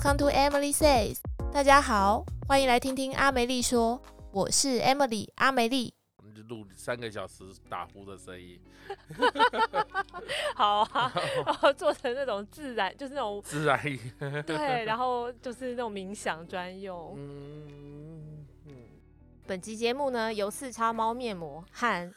Come to Emily Says，大家好，歡迎來聽聽阿梅麗說。我是 Emily 阿梅麗。我們就錄三個小時打呼的聲音， 好啊，然後做成那種自然，就是那種自然音。 對，然後就是那種冥想專用。嗯嗯，本集節目呢，由四叉貓面膜和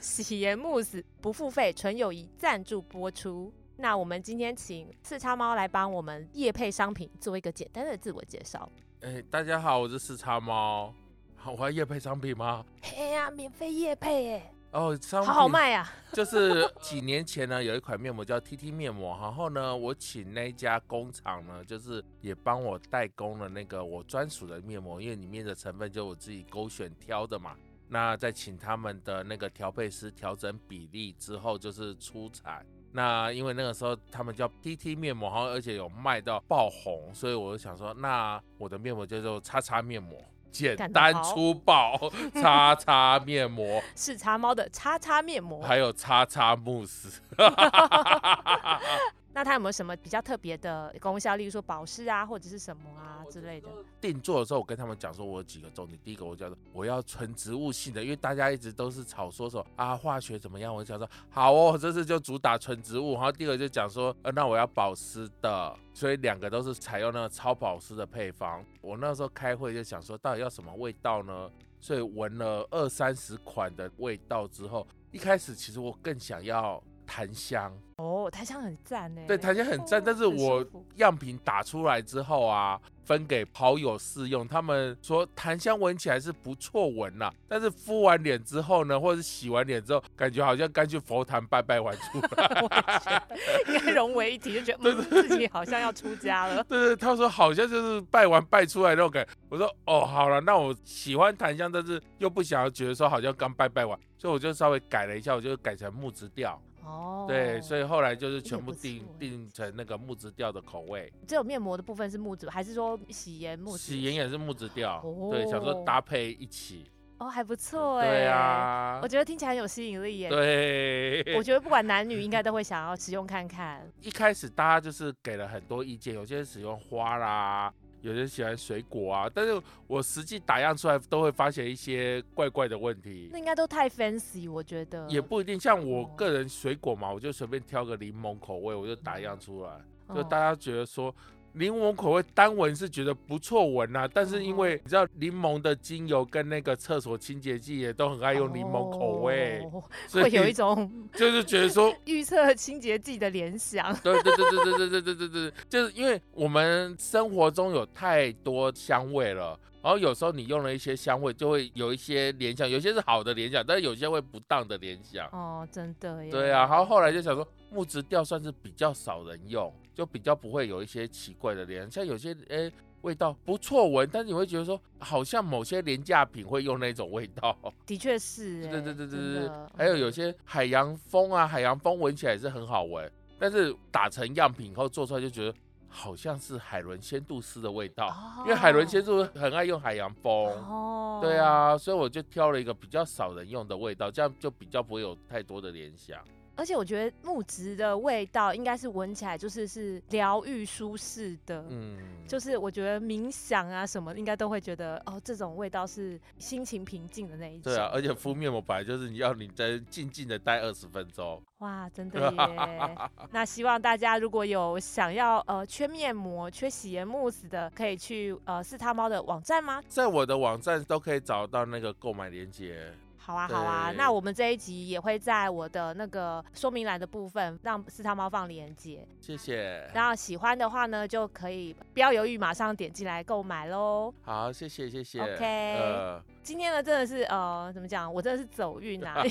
洗顏慕絲不付費純友誼贊助播出。那我們今天請四叉貓來幫我們業配商品做一個簡單的自我介紹。哎，大家好，我是四叉貓。好，我要業配商品嗎？哎呀，啊，免費業配耶！哦，好好賣呀，啊。 就是幾年前呢，有一款面膜叫 T T 面膜，然後呢，我請那家工廠呢，就是也幫我代工了那個我專屬的面膜，因為裡面的成分就我自己勾選挑的嘛。那再請他們的那個調配師調整比例之後，就是出產。那因為那個時候他們叫 TT 麵膜，好像而且有賣到爆紅，所以我就想說，那我的面膜就叫做叉叉面膜，簡單粗暴，叉叉面膜是叉貓的叉叉面膜， 叉叉面膜還有叉叉慕斯。 那它有沒有什麼比較特別的功效，例如說保濕啊，或者是什麼啊之類的？定做的時候，我跟他們講說，我有幾個重點。第一個，我講說我要純植物性的，因為大家一直都是吵說說啊化學怎麼樣。我就想說好哦，這次就主打純植物。然後第二個就講說，呃，那我要保濕的，所以兩個都是採用那個超保濕的配方。我那時候開會就想說，到底要什麼味道呢？所以聞了二三十款的味道之後，一開始其實我更想要。檀香哦，oh, 檀香很贊呢。對，檀香很贊，oh, 但是我樣品打出來之後啊，分給好友試用，他們說檀香聞起來是不錯聞吶，但是敷完臉之後呢，或者是洗完臉之後，感覺好像剛去佛壇拜拜完出來， 應該融為一體，就覺得自己好像要出家了。 對，對對，他說好像就是拜完拜出來那種感，我說哦，好了，那我喜歡檀香，但是又不想要覺得說好像剛拜拜完，所以我就稍微改了一下，我就改成木質調。哦，oh, 對，所以後來就是全部定定成那個木質調的口味。只有面膜的部分是木質，還是說洗顏木質？洗顏也是木質調，oh. 對，想說搭配一起。哦，oh, 還不錯哎。對啊，我覺得聽起來很有吸引力耶。對，我覺得不管男女應該都會想要使用看看。 一開始大家就是給了很多意見，有些人使用花啦。有人喜歡水果啊，但是我實際打樣出來都會發現一些怪怪的問題。那應該都太 fancy，我覺得。也不一定。像我個人水果嘛，哦、我就隨便挑個檸檬口味，我就打樣出來，嗯、就大家覺得說。哦檸檬口味單聞是覺得不錯聞吶、啊，但是因為你知道檸檬的精油跟那個廁所清潔劑也都很愛用檸檬口味，哦、所以有一種就是覺得說預測清潔劑的聯想。對對對對對對對對對對，就是因為我們生活中有太多香味了。然後有時候你用了一些香味，就會有一些聯想，有些是好的聯想，但是有些會不當的聯想。哦，真的耶。對啊，然後後來就想說，木質調算是比較少人用，就比較不會有一些奇怪的聯想。像有些誒，味道不錯聞，但是你會覺得說，好像某些廉價品會用那種味道。的確是。對對對對對。的還有有些海洋風啊，海洋風聞起來也是很好聞，但是打成樣品以後做出來就覺得。好像是海倫仙度斯的味道，oh. 因為海倫仙度很愛用海洋風，oh. Oh. 對啊，所以我就挑了一個比較少人用的味道，這樣就比較不會有太多的聯想。而且我覺得木質的味道應該是聞起來就是是療癒舒適的，嗯，就是我覺得冥想啊什麼，應該都會覺得哦這種味道是心情平靜的那一種。對啊，而且敷面膜本來就是你要你在靜靜的待二十分鐘。哇，真的耶！ 那希望大家如果有想要呃缺面膜、缺洗顏慕斯的，可以去呃四叉貓的網站嗎？在我的網站都可以找到那個購買連結。好啊，對好啊，那我們這一集也會在我的那個說明欄的部分讓四叉貓放鏈接，謝謝。然後喜歡的話呢，就可以不要猶豫，馬上點進來購買嘍。好，謝謝，謝謝。OK。呃。今天呢，真的是呃，怎麼講？我真的是走運啊！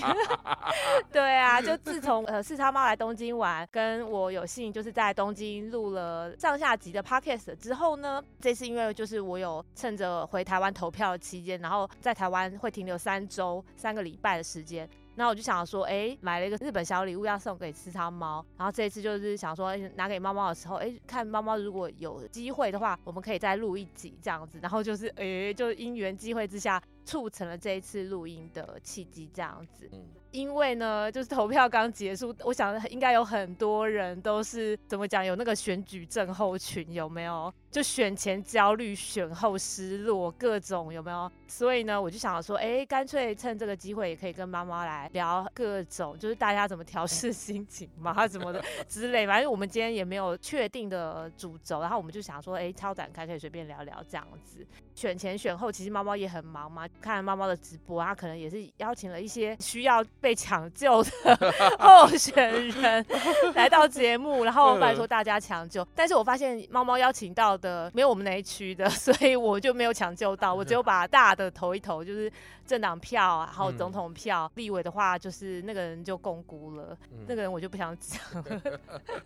對啊，就自從呃，四叉貓來東京玩，跟我有幸就是在東京錄了上下集的 podcast 之後呢，這次因為就是我有趁着回台灣投票的期間，然後在台灣會停留三周三個禮拜的時間，那我就想說，哎，買了一個日本小禮物要送給四叉貓，然後這次就是想說拿給貓貓的時候，哎，看貓貓如果有機會的話，我們可以再錄一集這樣子，然後就是哎，就是因緣際會之下。促成了這一次錄音的契機，這樣子，因為呢，就是投票剛結束，我想應該有很多人都是怎麼講，有那個選舉症候群有沒有？就選前焦慮，選後失落，各種有沒有？所以呢，我就想說，哎、欸，乾脆趁這個機會也可以跟貓貓來聊各種，就是大家怎麼調適心情嘛，什 麼的之類嘛。反正我們今天也沒有確定的主軸，然後我們就想說，哎、欸，超展開，可以隨便聊聊這樣子。選前選後，其實貓貓也很忙嘛。看貓貓的直播啊，他可能也是邀請了一些需要被搶救的候選人來到節目， 然後拜託大家搶救。 但是我發現貓貓邀請到的沒有我們那一區的，所以我就沒有搶救到。我只有把大的投一投，就是政黨票，然後總統票，嗯、立委的話就是那個人就共估了，嗯、那個人我就不想講了。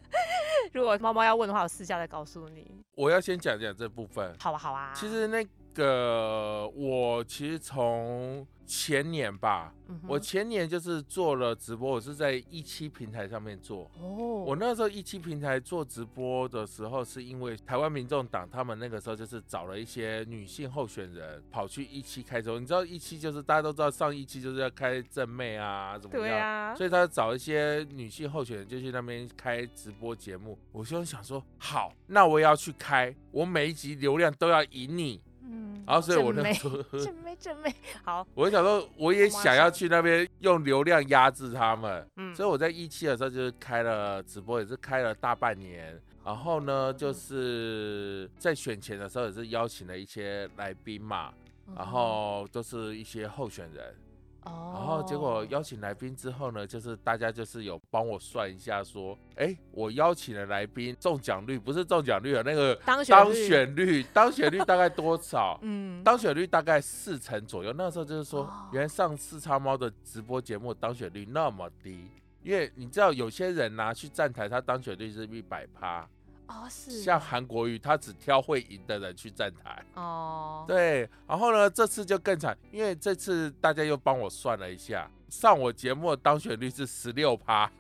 如果貓貓要問的話，我私下再告訴你。我要先講講這部分，好不好啊？其實那個我其實從前年吧，我前年就是做了直播，我是在17平台上面做。哦，我那時候17平台做直播的時候，是因為台灣民眾黨他們那個時候就是找了一些女性候選人跑去17開州，你知道17就是大家都知道上17就是要開正妹啊，怎麼樣？對啊，所以他找一些女性候選人就去那邊開直播節目。我就想說，好，那我也要去開，我每一集流量都要贏你。嗯，然後、啊、所以我那時候，準備準備好，我想說我也想要去那邊用流量壓制他們，嗯、所以我在一、e、期的時候就是開了直播，也是開了大半年，然後呢就是在選前的時候也是邀請了一些來賓嘛，然後都是一些候選人。然後、oh, 哦、結果邀請來賓之後呢，就是大家就是有幫我算一下，說，哎、欸，我邀請的來賓中獎率不是中獎率啊？那個當選率，當選率大概多少？ 嗯，當選率大概四成左右。那時候就是說，oh. 原來上次叉貓的直播節目當選率那麼低，因為你知道有些人拿、啊、去站台，他當選率是一百趴。像韓國瑜，他只挑會贏的人去站台。哦，對，然後呢，這次就更慘，因為這次大家又幫我算了一下。上我節目的當選率是十六趴，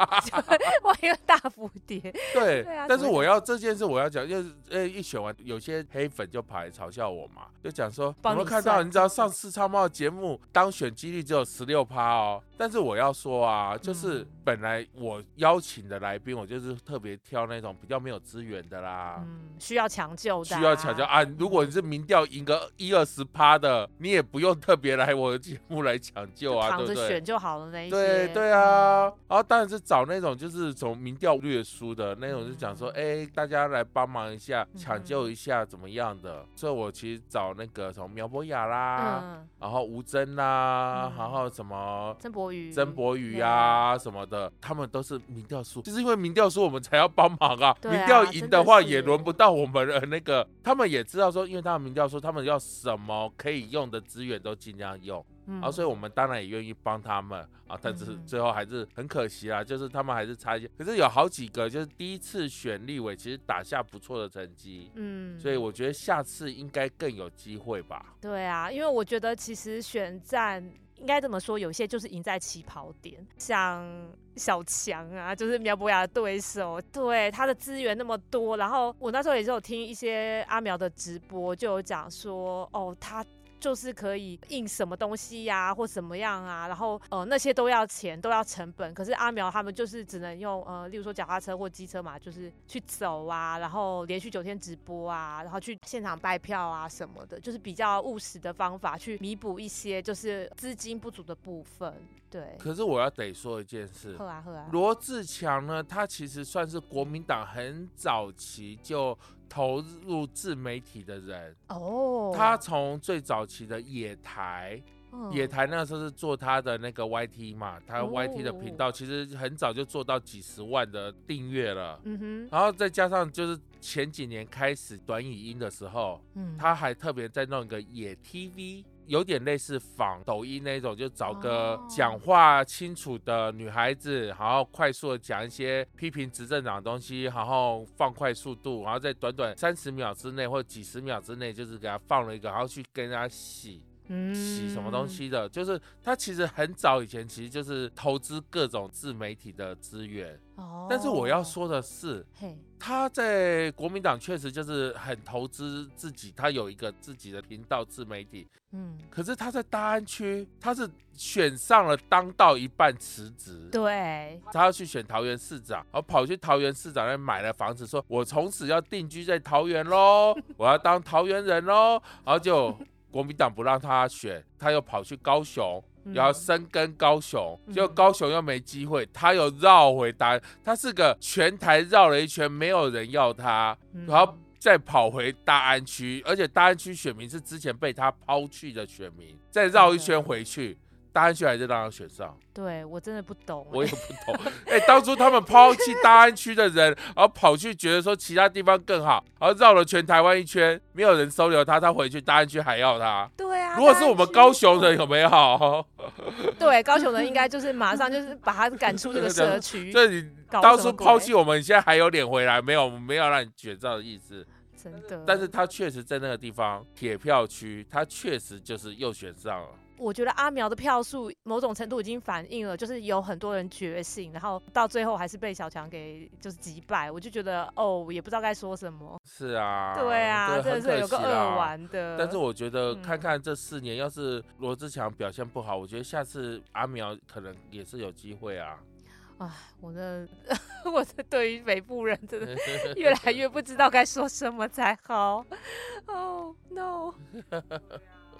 我一個大蝴蝶。 對，對啊，但是我要這件事我要講，就是呃一選完有些黑粉就跑來嘲笑我嘛，就講說我們看到你，你知道上四叉貓的節目對當選幾率只有十六趴哦。但是我要說啊，就是本來我邀請的來賓，嗯、我就是特別挑那種比較沒有資源的啦，需要搶救的。需要搶救啊！救啊嗯，如果你是民調贏個一二十趴的，你也不用特別來我的節目來搶救啊，對不對？躺著選就。好的，那對對啊，然後當然是找那種就是從民調略輸的那種，就講說哎，大家來幫忙一下，搶救一下怎麼樣的。所以，我其實找那個什麼苗博雅啦，然後吳崢啦，然後什麼曾柏瑜、曾柏瑜呀什麼的，他們都是民調輸。就是因為民調輸我們才要幫忙啊。民調贏的話，也輪不到我們了。那個他們也知道說，因為他們民調輸，他們要什麼可以用的資源都盡量用。然後、嗯啊，所以我們當然也願意幫他們啊，但是最後還是很可惜啦，嗯、就是他們還是差一些。可是有好幾個，就是第一次選立委，其實打下不錯的成績。嗯，所以我覺得下次應該更有機會吧。對啊，因為我覺得其實選戰應該這麼說，有些就是贏在起跑點，像小強啊，就是苗博雅的對手，對他的資源那麼多。然後我那時候也是有聽一些阿苗的直播，就有講說，哦，他。就是可以印什麼東西呀、啊，或怎麼樣啊，然後呃那些都要錢，都要成本。可是阿苗他們就是只能用呃，例如說腳踏車或機車嘛，就是去走啊，然後連續九天直播啊，然後去現場拜票啊什麼的，就是比較務實的方法去彌補一些就是資金不足的部分。對。可是我要得說一件事。羅、啊啊、智強呢，他其實算是國民黨很早期就。投入自媒體的人哦，oh. 他從最早期的野台，oh. 野台那個時候是做他的那個 YT 嘛，oh. 他 YT 的頻道其實很早就做到幾十萬的訂閱了，mm hmm. 然後再加上就是前幾年開始短影音的時候，mm hmm. 他還特別在弄一個野 TV。有點類似仿抖音那種，就找個講話清楚的女孩子，然後快速的講一些批評執政黨的東西，然後放快速度，然後在短短三十秒之內或者幾十秒之內，就是給她放了一個，然後去跟大家洗。洗什麼東西的，嗯、就是他其實很早以前，其實就是投資各種自媒體的資源。哦、但是我要說的是，嘿他在國民黨確實就是很投資自己，他有一個自己的頻道自媒體。嗯。可是他在大安區，他是選上了當到一半辭職。對。他要去選桃園市長，然後跑去桃園市長那買了房子，說：“我從此要定居在桃園嘍， 我要當桃園人嘍。”然後就。 國民黨不讓他選，他又跑去高雄，然後深耕高雄，嗯、結果高雄又沒機會，他又繞回大安，他是個全台繞了一圈，沒有人要他，然後再跑回大安區，而且大安區選民是之前被他拋棄的選民，再繞一圈回去。嗯嗯大安區還是讓他選上，對，我真的不懂。欸，我也不懂。哎、欸， 當初他們拋棄大安區的人，然後跑去覺得說其他地方更好，然後繞了全台灣一圈，沒有人收留他，他回去大安區還要他。對啊，如果是我們高雄人，有沒有？對，高雄人應該就是馬上就是把他趕出這個社區。這你當初拋棄我們，你現在還有臉回來？沒有，我們沒有讓你選上的意思。真的。但是他確實在那個地方鐵票區，他確實就是又選上了。我覺得阿苗的票數某種程度已經反映了，就是有很多人覺醒，然後到最後還是被小強給就是擊敗。我就覺得哦，也不知道該說什麼。是啊，對啊，真的對是有個二玩的。但是我覺得看看這四年，嗯、要是羅智強表現不好，我覺得下次阿苗可能也是有機會啊。啊，我的，我的對於北部人真的越來越不知道該說什麼才好。Oh no，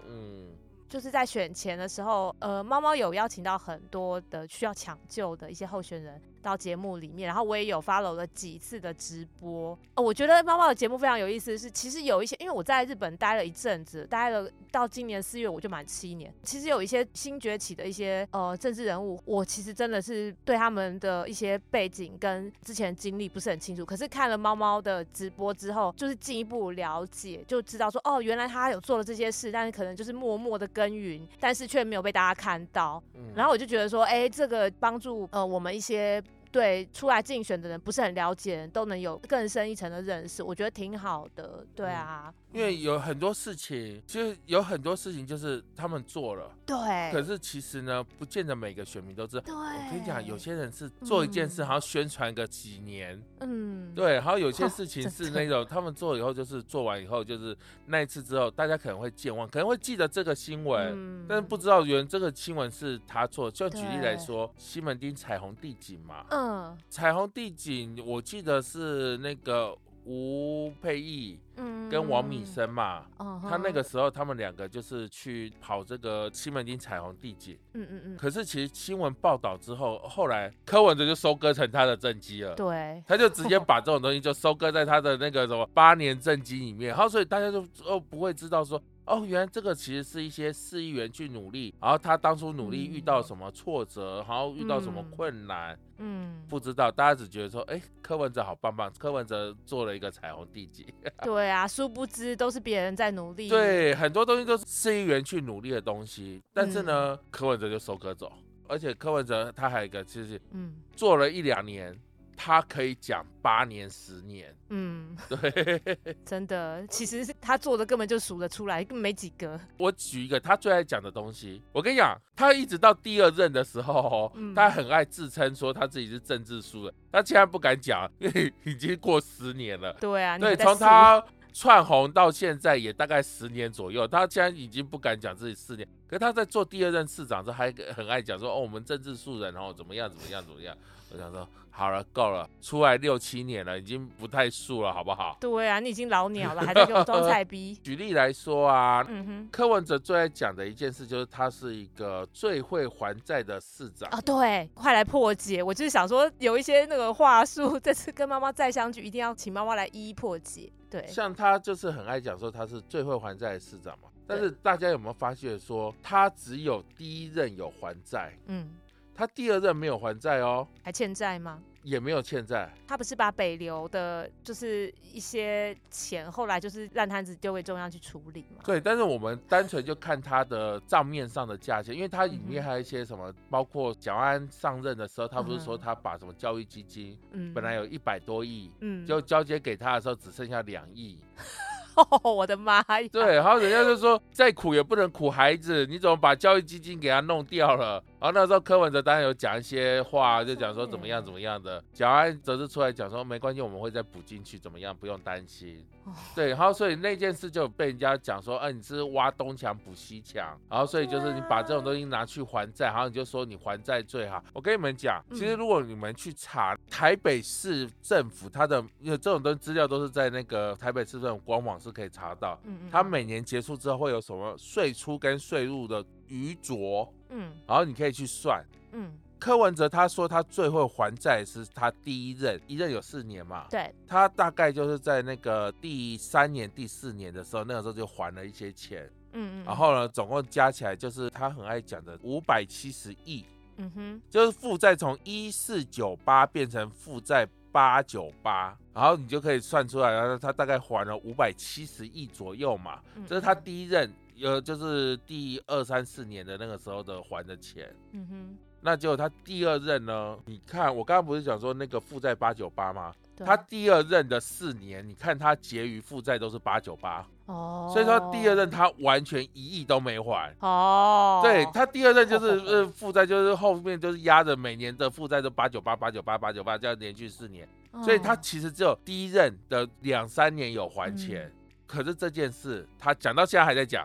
嗯，就是在選前的時候，呃，貓貓有邀請到很多的需要搶救的一些候選人。到節目裡面，然後我也有 follow 了幾次的直播。哦，我覺得貓貓的節目非常有意思。是，其實有一些，因為我在日本待了一陣子，待了到今年四月我就滿七年。其實有一些新崛起的一些呃政治人物，我其實真的是對他們的一些背景跟之前經歷不是很清楚。可是看了貓貓的直播之後，就是進一步了解，就知道說哦，原來他有做了這些事，但是可能就是默默的耕耘，但是卻沒有被大家看到。然後我就覺得說，哎，這個幫助呃我們一些。對，出來競選的人不是很了解，都能有更深一層的認識，我覺得挺好的。對啊、嗯，因為有很多事情，其實有很多事情就是他們做了，對。可是其實呢，不見得每個選民都知道。對，我跟你講，有些人是做一件事，嗯、然後宣傳個幾年，嗯，對。然後有些事情是那種、哦、他們做了以後，就是做完以後，就是那一次之後，大家可能會健忘，可能會記得這個新聞，嗯、但是不知道原來這個新聞是他做。就舉例來說，對西門町彩虹地景嘛。嗯，彩虹地景，我記得是那個吳沛憶，嗯，跟王閔生嘛，哦，他那個時候他們兩個就是去跑這個西門町彩虹地景，嗯嗯嗯。可是其實新聞報道之後，後來柯文哲就收割成他的政績了，對，他就直接把這種東西就收割在他的那個什麼八年政績裡面，然後所以大家就哦不會知道說。哦，原來這個其實是一些市議員去努力，然後他當初努力遇到什麼挫折，嗯、然後遇到什麼困難，嗯，嗯不知道，大家只覺得說，哎、欸，柯文哲好棒棒，柯文哲做了一個彩虹地景，對啊，殊不知都是別人在努力，對，很多東西都是市議員去努力的東西，但是呢，嗯、柯文哲就收割走，而且柯文哲他還有一個就是，嗯，做了一兩年。他可以講八年、十年，嗯，對，真的，其實是他做的根本就數得出來，根本沒幾個。我舉一個他最愛講的東西，我跟你講，他一直到第二任的時候、嗯、他很愛自稱說他自己是政治書的，他竟然不敢講，因為已經過十年了。對啊，你對，從他竄紅到現在也大概十年左右，他竟然已經不敢講自己四年。因為他在做第二任市長時候還很愛講說哦，我們政治素人，然後怎麼樣怎麼樣怎麼樣。我想說好了夠了，出來六七年了，已經不太素了，好不好？對啊，你已經老鳥了，還在給我裝菜逼。 舉例來說啊，嗯哼柯文哲最愛講的一件事就是他是一個最會還債的市長啊、哦。對，快來破解！我就是想說有一些那個話術，這次跟媽媽再相聚，一定要請媽媽來一一破解。對，像他就是很愛講說他是最會還債的市長嘛。對但是大家有沒有發現，說他只有第一任有還債，嗯，他第二任沒有還債哦，還欠債嗎？也沒有欠債。他不是把北流的，就是一些錢，後來就是爛攤子丟給中央去處理嗎？對，但是我們單純就看他的賬面上的價錢， 因為他裡面還有一些什麼，包括蔣安上任的時候，他不是說他把什麼教育基金，嗯，本來有一百多億，嗯，就交接給他的時候只剩下兩億。嗯 Oh, 我的媽呀！對，然後人家就說， 再苦也不能苦孩子，你怎麼把教育基金給他弄掉了？然後那時候柯文哲當然有講一些話，就講說怎麼樣 Okay. 怎麼樣的。講完則是出來講說沒關係，我們會再補進去，怎麼樣不用擔心。Oh. 對，然後所以那件事就有被人家講說，哎、啊，你是挖東牆補西牆。然後所以就是你把這種東西拿去還債，然後你就說你還債最好。」我跟你們講，其實如果你們去查、嗯、台北市政府它的，因為這種東西資料都是在那個台北市政府官網是可以查到。它每年結束之後會有什麼稅出跟稅入的餘絀。嗯，然後你可以去算。嗯，柯文哲他說他最會還債是他第一任，一任有四年嘛，對，他大概就是在那個第三年、第四年的時候，那個時候就還了一些錢。嗯嗯，然後呢，總共加起來就是他很愛講的五百七十億。嗯哼，就是負債從一四九八變成負債八九八，然後你就可以算出來，然後他大概還了五百七十億左右嘛，嗯嗯，這是他第一任。呃，就是第二三四年的那個時候的還的錢，嗯哼，那就他第二任呢？你看我剛剛不是講說那個負債八九八嗎？對他第二任的四年，你看他結餘負債都是八九八哦，所以說第二任他完全一億都沒還哦，對，他第二任就是呃負債就是後面就是壓着每年的負債都八九八八九八八九八，這樣連續四年，哦、所以他其實只有第一任的兩三年有還錢，嗯、可是這件事他講到現在還在講。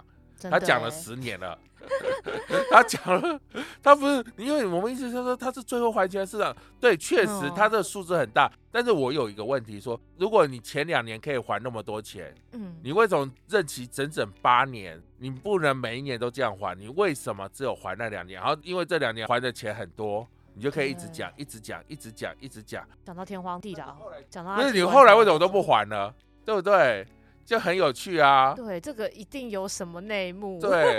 他講了十年了， 他講了，他不是因為我們意思就是說他是最後還錢的市場，對，確實他的數字很大，但是我有一個問題說，如果你前兩年可以還那麼多錢，嗯，你為什麼任期整整八年，你不能每一年都這樣還？你為什麼只有還那兩年？然後因為這兩年還的錢很多，你就可以一直講，一直講，一直講，一直講，講到天荒地老。可是你後來為什麼都不還了？對不對？就很有趣啊！對，這個一定有什麼內幕。 對，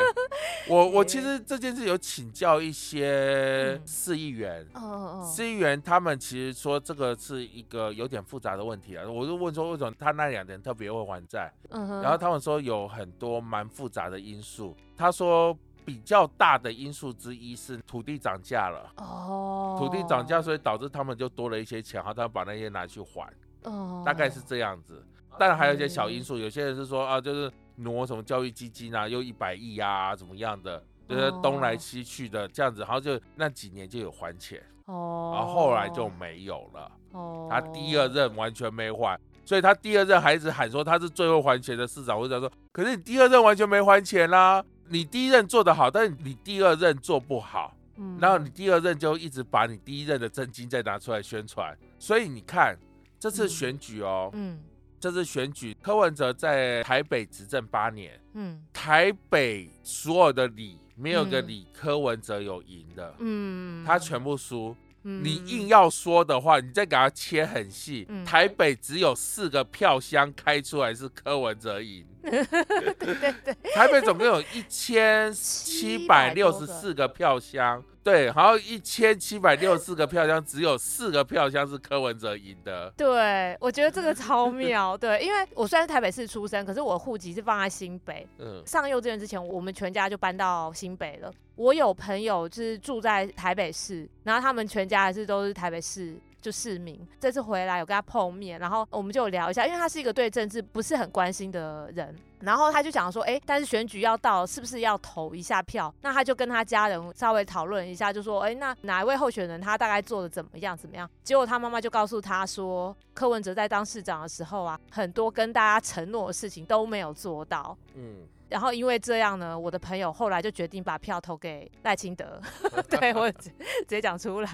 我，我其實這件事有請教一些市議員。嗯、哦哦，市議員他們其實說這個是一個有點複雜的問題啊。我就問說，為什麼他那兩年特別會還債？嗯、哼然後他們說有很多蠻複雜的因素。他說比較大的因素之一是土地漲價了。哦，土地漲價，所以導致他們就多了一些錢，然後他們把那些拿去還。哦，大概是這樣子。但還有一些小因素，嗯、有些人是說啊，就是挪什麼教育基金啊，又一百億啊，怎麼樣的，就是東來西去的，哦、這樣子，然後就那幾年就有還錢，哦，然後後來就沒有了。哦、他第二任完全沒還，所以他第二任還一直喊說他是最後還錢的市長。或者說，可是你第二任完全沒還錢啦，啊，你第一任做得好，但是你第二任做不好，嗯、然後你第二任就一直把你第一任的真金再拿出來宣傳。所以你看這次選舉哦，嗯。嗯這次選舉，柯文哲在台北執政八年，嗯，台北所有的里沒有個里，嗯、柯文哲有贏的，嗯，他全部輸。嗯、你硬要說的話，你再給他切很細，嗯、台北只有四個票箱開出來是柯文哲贏。 對對對，台北總共有一千七百六十四個票箱，對，好像一千七百六十四個票箱只有四個票箱是柯文哲贏的，對，我覺得這個超妙， 對，因為我雖然是台北市出生，可是我的戶籍是放在新北，嗯，上幼稚園之前我們全家就搬到新北了，我有朋友就是住在台北市，然後他們全家還是都是台北市。就市民這次回來有跟他碰面，然後我們就聊一下，因為他是一個對政治不是很關心的人，然後他就講說，誒，但是選舉要到，是不是要投一下票？那他就跟他家人稍微討論一下，就說，誒，那哪一位候選人他大概做的怎麼樣？怎麼樣？結果他媽媽就告訴他說，柯文哲在當市長的時候啊，很多跟大家承諾的事情都沒有做到。嗯。然後因為這樣呢，我的朋友後來就決定把票投給賴清德。 對我直接講出來，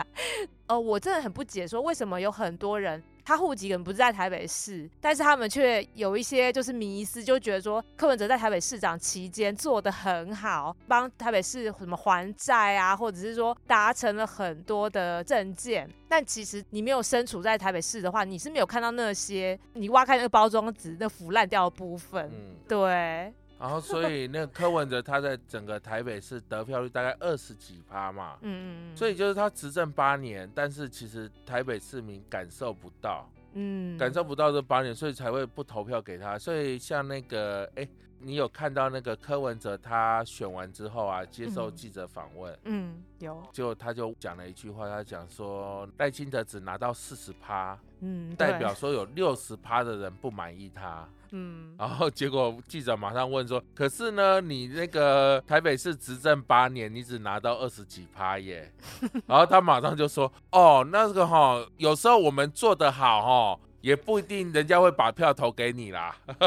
呃，我真的很不解，說，為什麼有很多人他戶籍可能不是在台北市，但是他們卻有一些就是迷思，就覺得說柯文哲在台北市長期間做得很好，幫台北市什麼還債啊，或者是說達成了很多的政見。但其實你沒有身處在台北市的話，你是沒有看到那些你挖開那個包裝紙那腐爛掉的部分。嗯、對。 然後，所以那個柯文哲他在整個台北市得票率大概二十幾趴嘛，嗯嗯，所以就是他執政八年，但是其實台北市民感受不到，嗯，感受不到這八年，所以才會不投票給他。所以像那個，哎，你有看到那個柯文哲他選完之後啊，接受記者訪問，嗯，有，就他就講了一句話，他講說賴清德只拿到四十趴，嗯，代表說有六十趴的人不滿意他。嗯，然後結果記者馬上問說：“可是呢，你那個台北市執政八年，你只拿到二十幾趴耶？” 然後他馬上就說：“哦，那個哈，有時候我們做得好哦。”也不一定人家會把票投給你啦。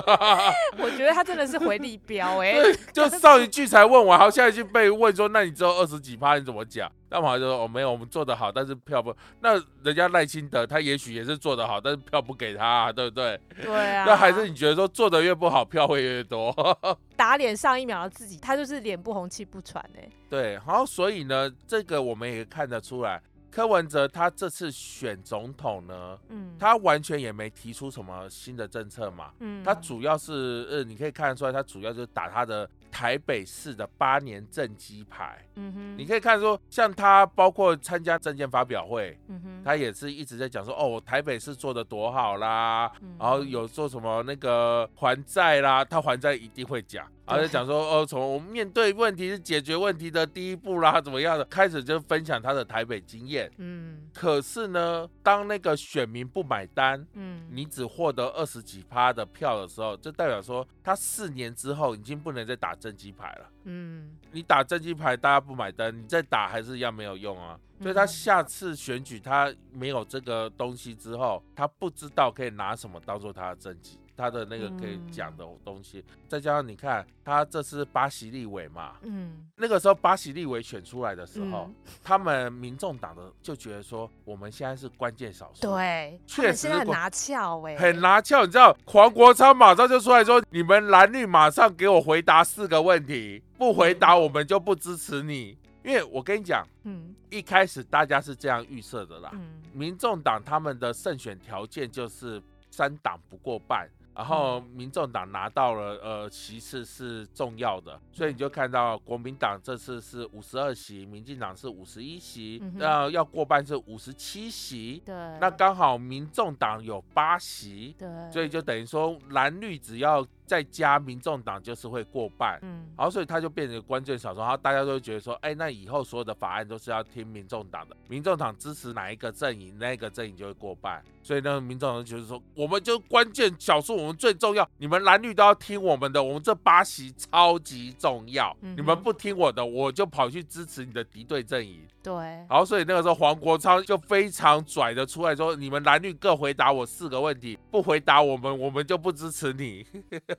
我覺得他真的是回力標哎、欸。 就上一句才問我，然後，下一句被問說，那你只有二十幾趴，你怎麼講？那我好就說，我、哦、沒有，我們做的好，但是票不。那人家賴清德他也許也是做的好，但是票不給他，對不對？對啊。 那還是你覺得說，做的越不好，票會越多 打臉上一秒的自己，他就是臉不紅氣不喘哎、欸。對，好，所以呢，這個我們也看得出來。柯文哲他這次選總統呢，嗯，他完全也沒提出什麼新的政策嘛，嗯、啊，他主要是，嗯，你可以看得出來，他主要就是打他的台北市的八年政績牌，嗯哼，你可以看說，像他包括參加政見發表會，嗯哼，他也是一直在講說，哦，我台北市做得多好啦，嗯哼，然後有做什麼那個還債啦，他還債一定會講。而且講說，哦對，從、呃、我們面對問題是解決問題的第一步啦、啊，怎麼樣的，開始就分享他的台北經驗。嗯，可是呢，當那個選民不買單，嗯，你只獲得二十幾趴的票的時候，就代表說他四年之後已經不能再打政績牌了。嗯，你打政績牌大家不買單，你再打還是一樣沒有用啊。所以他下次選舉他沒有這個東西之後，嗯、他不知道可以拿什麼當做他的政績。他的那個可以講的東西、嗯，再加上你看，他這是八席立委嘛，嗯，那個時候八席立委選出來的時候，嗯、他們民眾黨的就覺得說，我們現在是關鍵少數，對，確實是現在很拿翹、欸、很拿翹。你知道黃國昌馬上就出來說，對你們藍綠馬上給我回答四個問題，不回答我們就不支持你。因為我跟你講，嗯，一開始大家是這樣預設的啦，嗯，民眾黨他們的勝選條件就是三黨不過半。然後民眾黨拿到了，嗯、呃，席次是重要的，所以你就看到國民黨這次是五十二席，民進黨是五十一席，那、嗯、哼要過半是五十七席，對那剛好民眾黨有八席，對所以就等於說藍綠只要，再加民眾黨就是會過半，嗯，好，所以他就變成關鍵少數，然後大家都會覺得說，哎、欸，那以後所有的法案都是要聽民眾黨的，民眾黨支持哪一個陣營，那一個陣營就會過半。所以那個民眾黨就是說，我們就關鍵少數，我們最重要，你們藍綠都要聽我們的，我們這八席超級重要，嗯、哼你們不聽我的，我就跑去支持你的敵對陣營。對，然後所以那個時候黃國昌就非常拽的出來說，你們藍綠各回答我四個問題，不回答我們，我們就不支持你。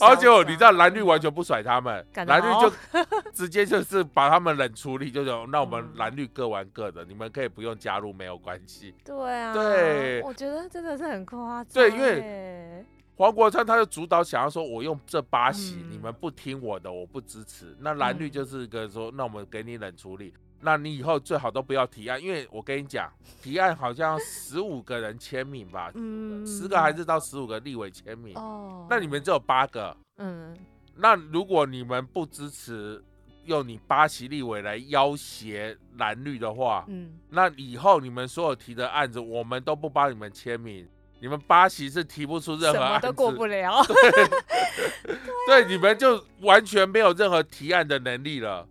而且、 啊、你知道藍綠完全不甩他們，感到藍綠就直接就是把他們冷處理，就說那我們藍綠各玩各的，嗯、你們可以不用加入沒有關係。對啊，對，我覺得真的是很誇張。對，因為黃國昌他就主導想要說，我用這八席，嗯、你們不聽我的，我不支持。那藍綠就是跟說，那我們給你冷處理。那你以後最好都不要提案，因為我跟你講，提案好像十五個人簽名吧，十、嗯、個還是到十五個立委簽名。哦，那你們只有八個，嗯，那如果你們不支持用你八席立委來要挾藍綠的話，嗯、那以後你們所有提的案子，我們都不幫你們簽名，你們八席是提不出任何案子，都過不了。對，你們就完全沒有任何提案的能力了。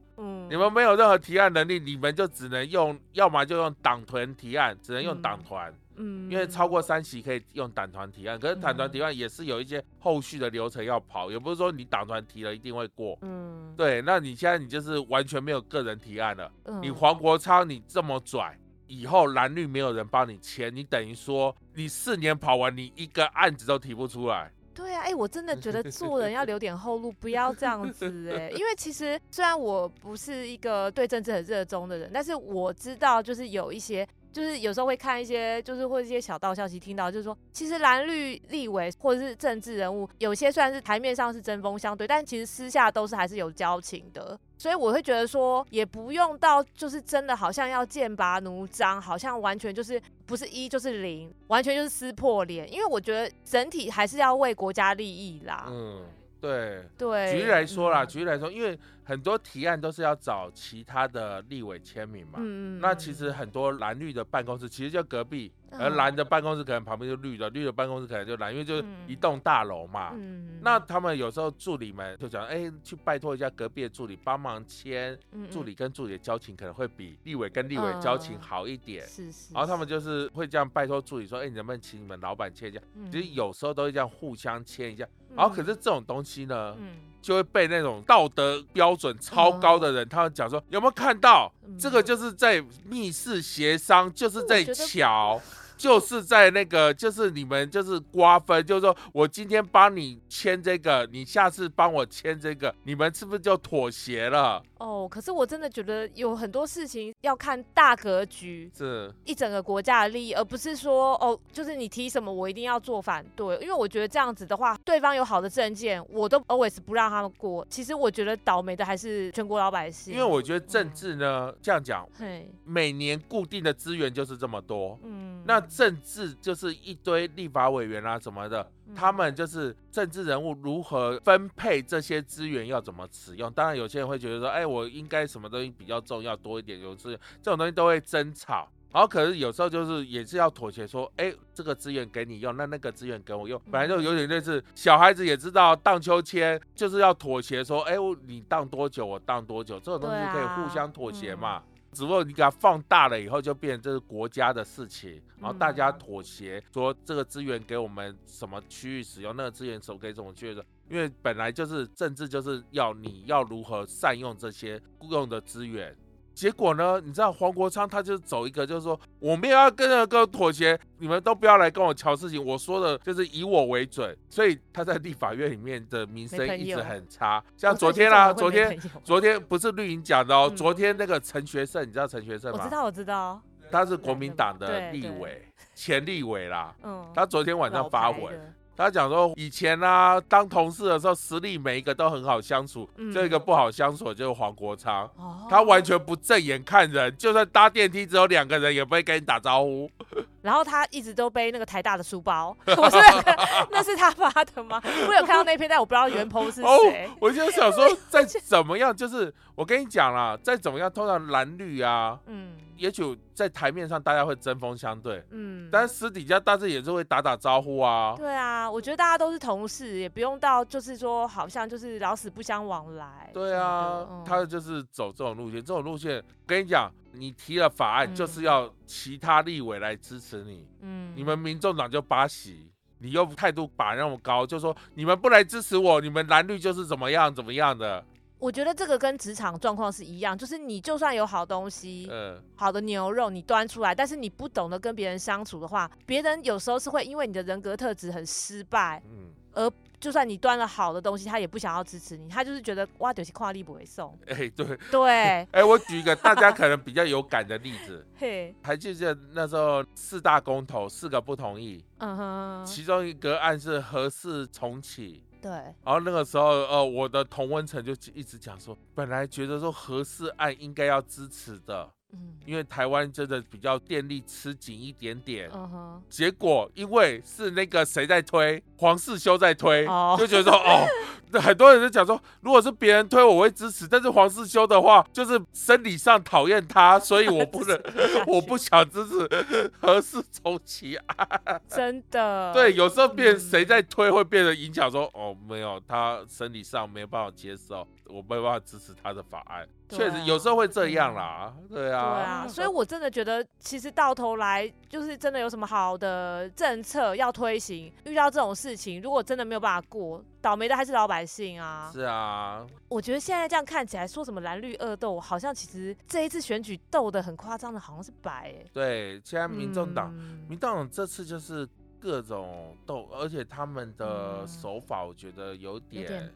你們沒有任何提案能力，你們就只能用，要麼就用黨團提案，只能用黨團、嗯，嗯，因為超過三席可以用黨團提案，可是黨團提案也是有一些後續的流程要跑，嗯、也不是說你黨團提了一定會過，嗯，對，那你現在你就是完全沒有個人提案了，嗯、你黃國昌你這麼拽，以後藍綠沒有人幫你簽，你等於說你四年跑完你一個案子都提不出來。對啊，哎、欸，我真的覺得做人要留點後路，不要這樣子哎、欸。因為其實雖然我不是一個對政治很熱衷的人，但是我知道就是有一些。就是有時候會看一些，就是或者一些小道消息，聽到就是說，其實藍綠立委或者是政治人物，有些雖然是台面上是針鋒相對，但其實私下都是還是有交情的。所以我會覺得說，也不用到就是真的好像要劍拔弩張，好像完全就是不是一就是零，完全就是撕破臉。因為我覺得整體還是要為國家利益啦。嗯，對對。舉例來說啦，嗯啊、舉例來說，因為。很多提案都是要找其他的立委簽名嘛，嗯、那其實很多藍綠的辦公室其實就隔壁，嗯、而藍的辦公室可能旁邊就綠的，綠的辦公室可能就藍，因為就是一棟大樓嘛。嗯嗯、那他們有時候助理們就講，哎、欸，去拜托一下隔壁的助理幫忙簽，嗯嗯、助理跟助理的交情可能會比立委跟立委的交情好一點，是、嗯、是。是是然後他們就是會這樣拜托助理說，哎、欸，你能不能請你們老闆簽一下？嗯、其實有時候都會這樣互相簽一下，嗯、然後可是這種東西呢。嗯就會被那種道德標準超高的人，哦、他們講說，有沒有看到，嗯、這個就是在密室協商，就是在喬。就是在那個，就是你們就是瓜分，就是說我今天幫你簽這個，你下次幫我簽這個，你們是不是就妥協了？哦，可是我真的覺得有很多事情要看大格局，是一整個國家的利益，而不是說哦，就是你提什麼我一定要做反對，因為我覺得這樣子的話，對方有好的政見，我都 always 不讓他們過。其實我覺得倒霉的還是全國老百姓，因為我覺得政治呢、嗯、這樣講，嘿每年固定的資源就是這麼多，嗯，那。政治就是一堆立法委員啊，什麼的，他們就是政治人物如何分配這些資源要怎麼使用，當然有些人會覺得說，哎、欸，我應該什麼東西比較重要多一點有資源，有時這種東西都會爭吵。然後可是有時候就是也是要妥協，說，哎、欸，這個資源給你用，那那個資源給我用，本來就有點類似小孩子也知道盪秋千就是要妥協，說，哎、欸，你盪多久我盪多久，這種東西可以互相妥協嘛。只不過你給它放大了以後，就變成這是國家的事情，然後大家妥協，說這個資源給我們什麼區域使用，那個資源怎麼給什麼區域？因為本來就是政治，就是要你要如何善用這些共用的資源。結果呢？你知道黃國昌，他就走一個，就是說，我沒有要跟那個妥協，你們都不要來跟我喬事情，我說的就是以我為準。所以他在立法院裡面的名聲一直很差。像昨天啊，昨天昨天不是綠營講的哦，昨天那個陳學聖，你知道陳學聖嗎？我知道，我知道，他是國民黨的立委，前立委啦。嗯，他昨天晚上發文。他講說，以前啊，當同事的時候，實力每一個都很好相處。就一、嗯、個不好相處的就是黃國昌，哦、他完全不正眼看人，就算搭電梯只有兩個人，也不會跟你打招呼。 然後他一直都背那個台大的書包， 我是，是看 那是他發的嗎？我有看到那篇，但我不知道原 p 是誰？我就想說，在怎麼樣，就是我跟你講啦，在怎麼樣，通常藍綠啊，嗯，也許在台面上大家會針鋒相對，嗯，但是私底下大家也是會打打招呼啊。對啊，我覺得大家都是同事，也不用到就是說好像就是老死不相往來。對啊，他就是走這種路線，這種路線，跟你講。你提了法案，嗯、就是要其他立委來支持你。嗯，你們民眾黨就八席，你又態度擺那麼高，就說你們不來支持我，你們藍綠就是怎麼樣怎麼樣的。我覺得這個跟職場狀況是一樣，就是你就算有好東西，嗯、呃，好的牛肉你端出來，但是你不懂得跟別人相處的話，別人有時候是會因為你的人格特質很失敗，嗯，而。就算你端了好的東西，他也不想要支持你，他就是覺得哇，有些跨力不會送。哎、欸，對對，哎、欸，我舉一個大家可能比較有感的例子，嘿， 還記得那時候四大公投四個不同意，嗯哼，其中一個案是核四重啟，對，然後那個時候呃，我的同溫層就一直講說，本來覺得說核四案應該要支持的。嗯，因為台灣真的比較電力吃緊一點點。Uh huh. 結果因為是那個誰在推，黃士修在推，uh huh. 就覺得說，哦， 很多人就講說，如果是別人推，我會支持，但是黃士修的話，就是生理上討厭他，所以我不能， 我不想支持何事聰其啊， 真的。對，有時候變誰在推會變得影響說，哦，沒有，他生理上沒有辦法接受，我沒辦法支持他的法案。啊、確實有時候會這樣啦，對啊，對啊，對啊，所以我真的覺得，其實到頭來就是真的有什麼好的政策要推行，遇到這種事情，如果真的沒有辦法過，倒霉的還是老百姓啊。是啊，我覺得現在這樣看起來，說什麼藍綠惡鬥，好像其實這一次選舉鬥得很誇張的，好像是白、欸。對，現在民眾黨，嗯、民眾黨、黨這次就是各種鬥，而且他們的手法，我覺得有點。嗯，有點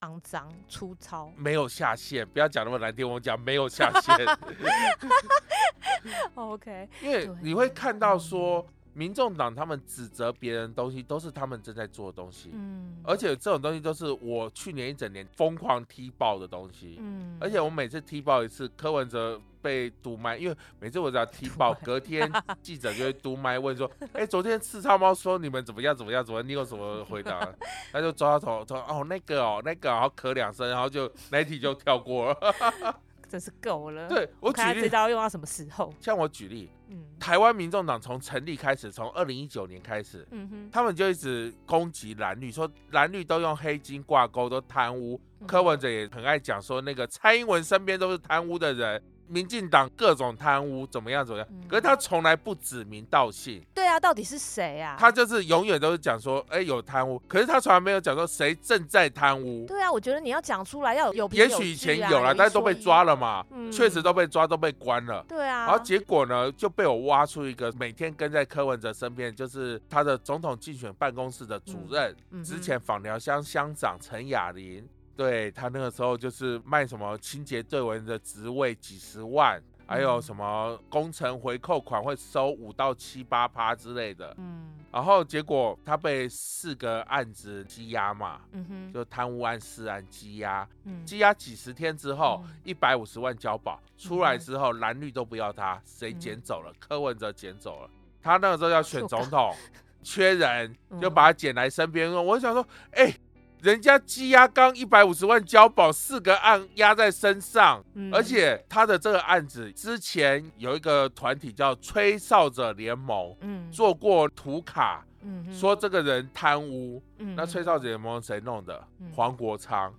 骯髒、粗糙，沒有下限。不要講那麼難聽，我講沒有下限。OK，因為你會看到說。民眾黨他們指責別人東西，都是他們正在做的東西。嗯、而且這種東西都是我去年一整年瘋狂踢爆的東西。嗯、而且我每次踢爆一次，柯文哲被堵麥，因為每次我只要踢爆，麥隔天記者就會堵麥問說：“哎、 欸，昨天四叉貓說你們怎麼樣怎麼樣？怎麼？你有什麼回答？” 他就抓到頭說：“哦，那個哦，那個。”然後咳兩聲，然後就那題就跳過了。 真是夠了，對，我舉例，知道用到什麼時候？像我舉例，嗯，台灣民眾黨從成立開始，從二零一九年開始，嗯哼，他們就一直攻擊藍綠，說藍綠都用黑金掛鈎，都貪污。嗯哼。柯文哲也很愛講說，那個蔡英文身邊都是貪污的人。民進黨各種貪污怎麼樣怎麼樣？麼樣嗯、可是他從來不指名道姓。對啊，到底是誰啊？他就是永遠都是講說，哎、欸，有貪污。可是他從來沒有講說誰正在貪污。嗯。對啊，我覺得你要講出來要有，有、啊。也許以前有了，有但是都被抓了嘛，確、嗯、實都被抓，都被關了。對啊。然後結果呢，就被我挖出一個每天跟在柯文哲身邊，就是他的總統競選辦公室的主任，嗯嗯、之前枋寮鄉鄉長陳雅玲。對他那個時候就是賣什麼清潔隊員的職位幾十萬，嗯、還有什麼工程回扣款會收五到七八趴之類的，嗯，然後結果他被四個案子羈押嘛，嗯哼，就貪污案、私案羈押，嗯，羈押幾十天之後，一百五十萬交保出來之後，藍綠都不要他，誰撿走了？柯文哲撿走了，他那個時候要選總統， 缺人，就把他撿來身邊問、嗯、我想說，哎、欸。人家羈押剛一百五十萬交保，四個案壓在身上，而且他的這個案子之前有一個團體叫“吹哨者聯盟”，嗯，做過圖卡，嗯，說這個人貪污，那“吹哨者聯盟”誰弄的？黃國昌，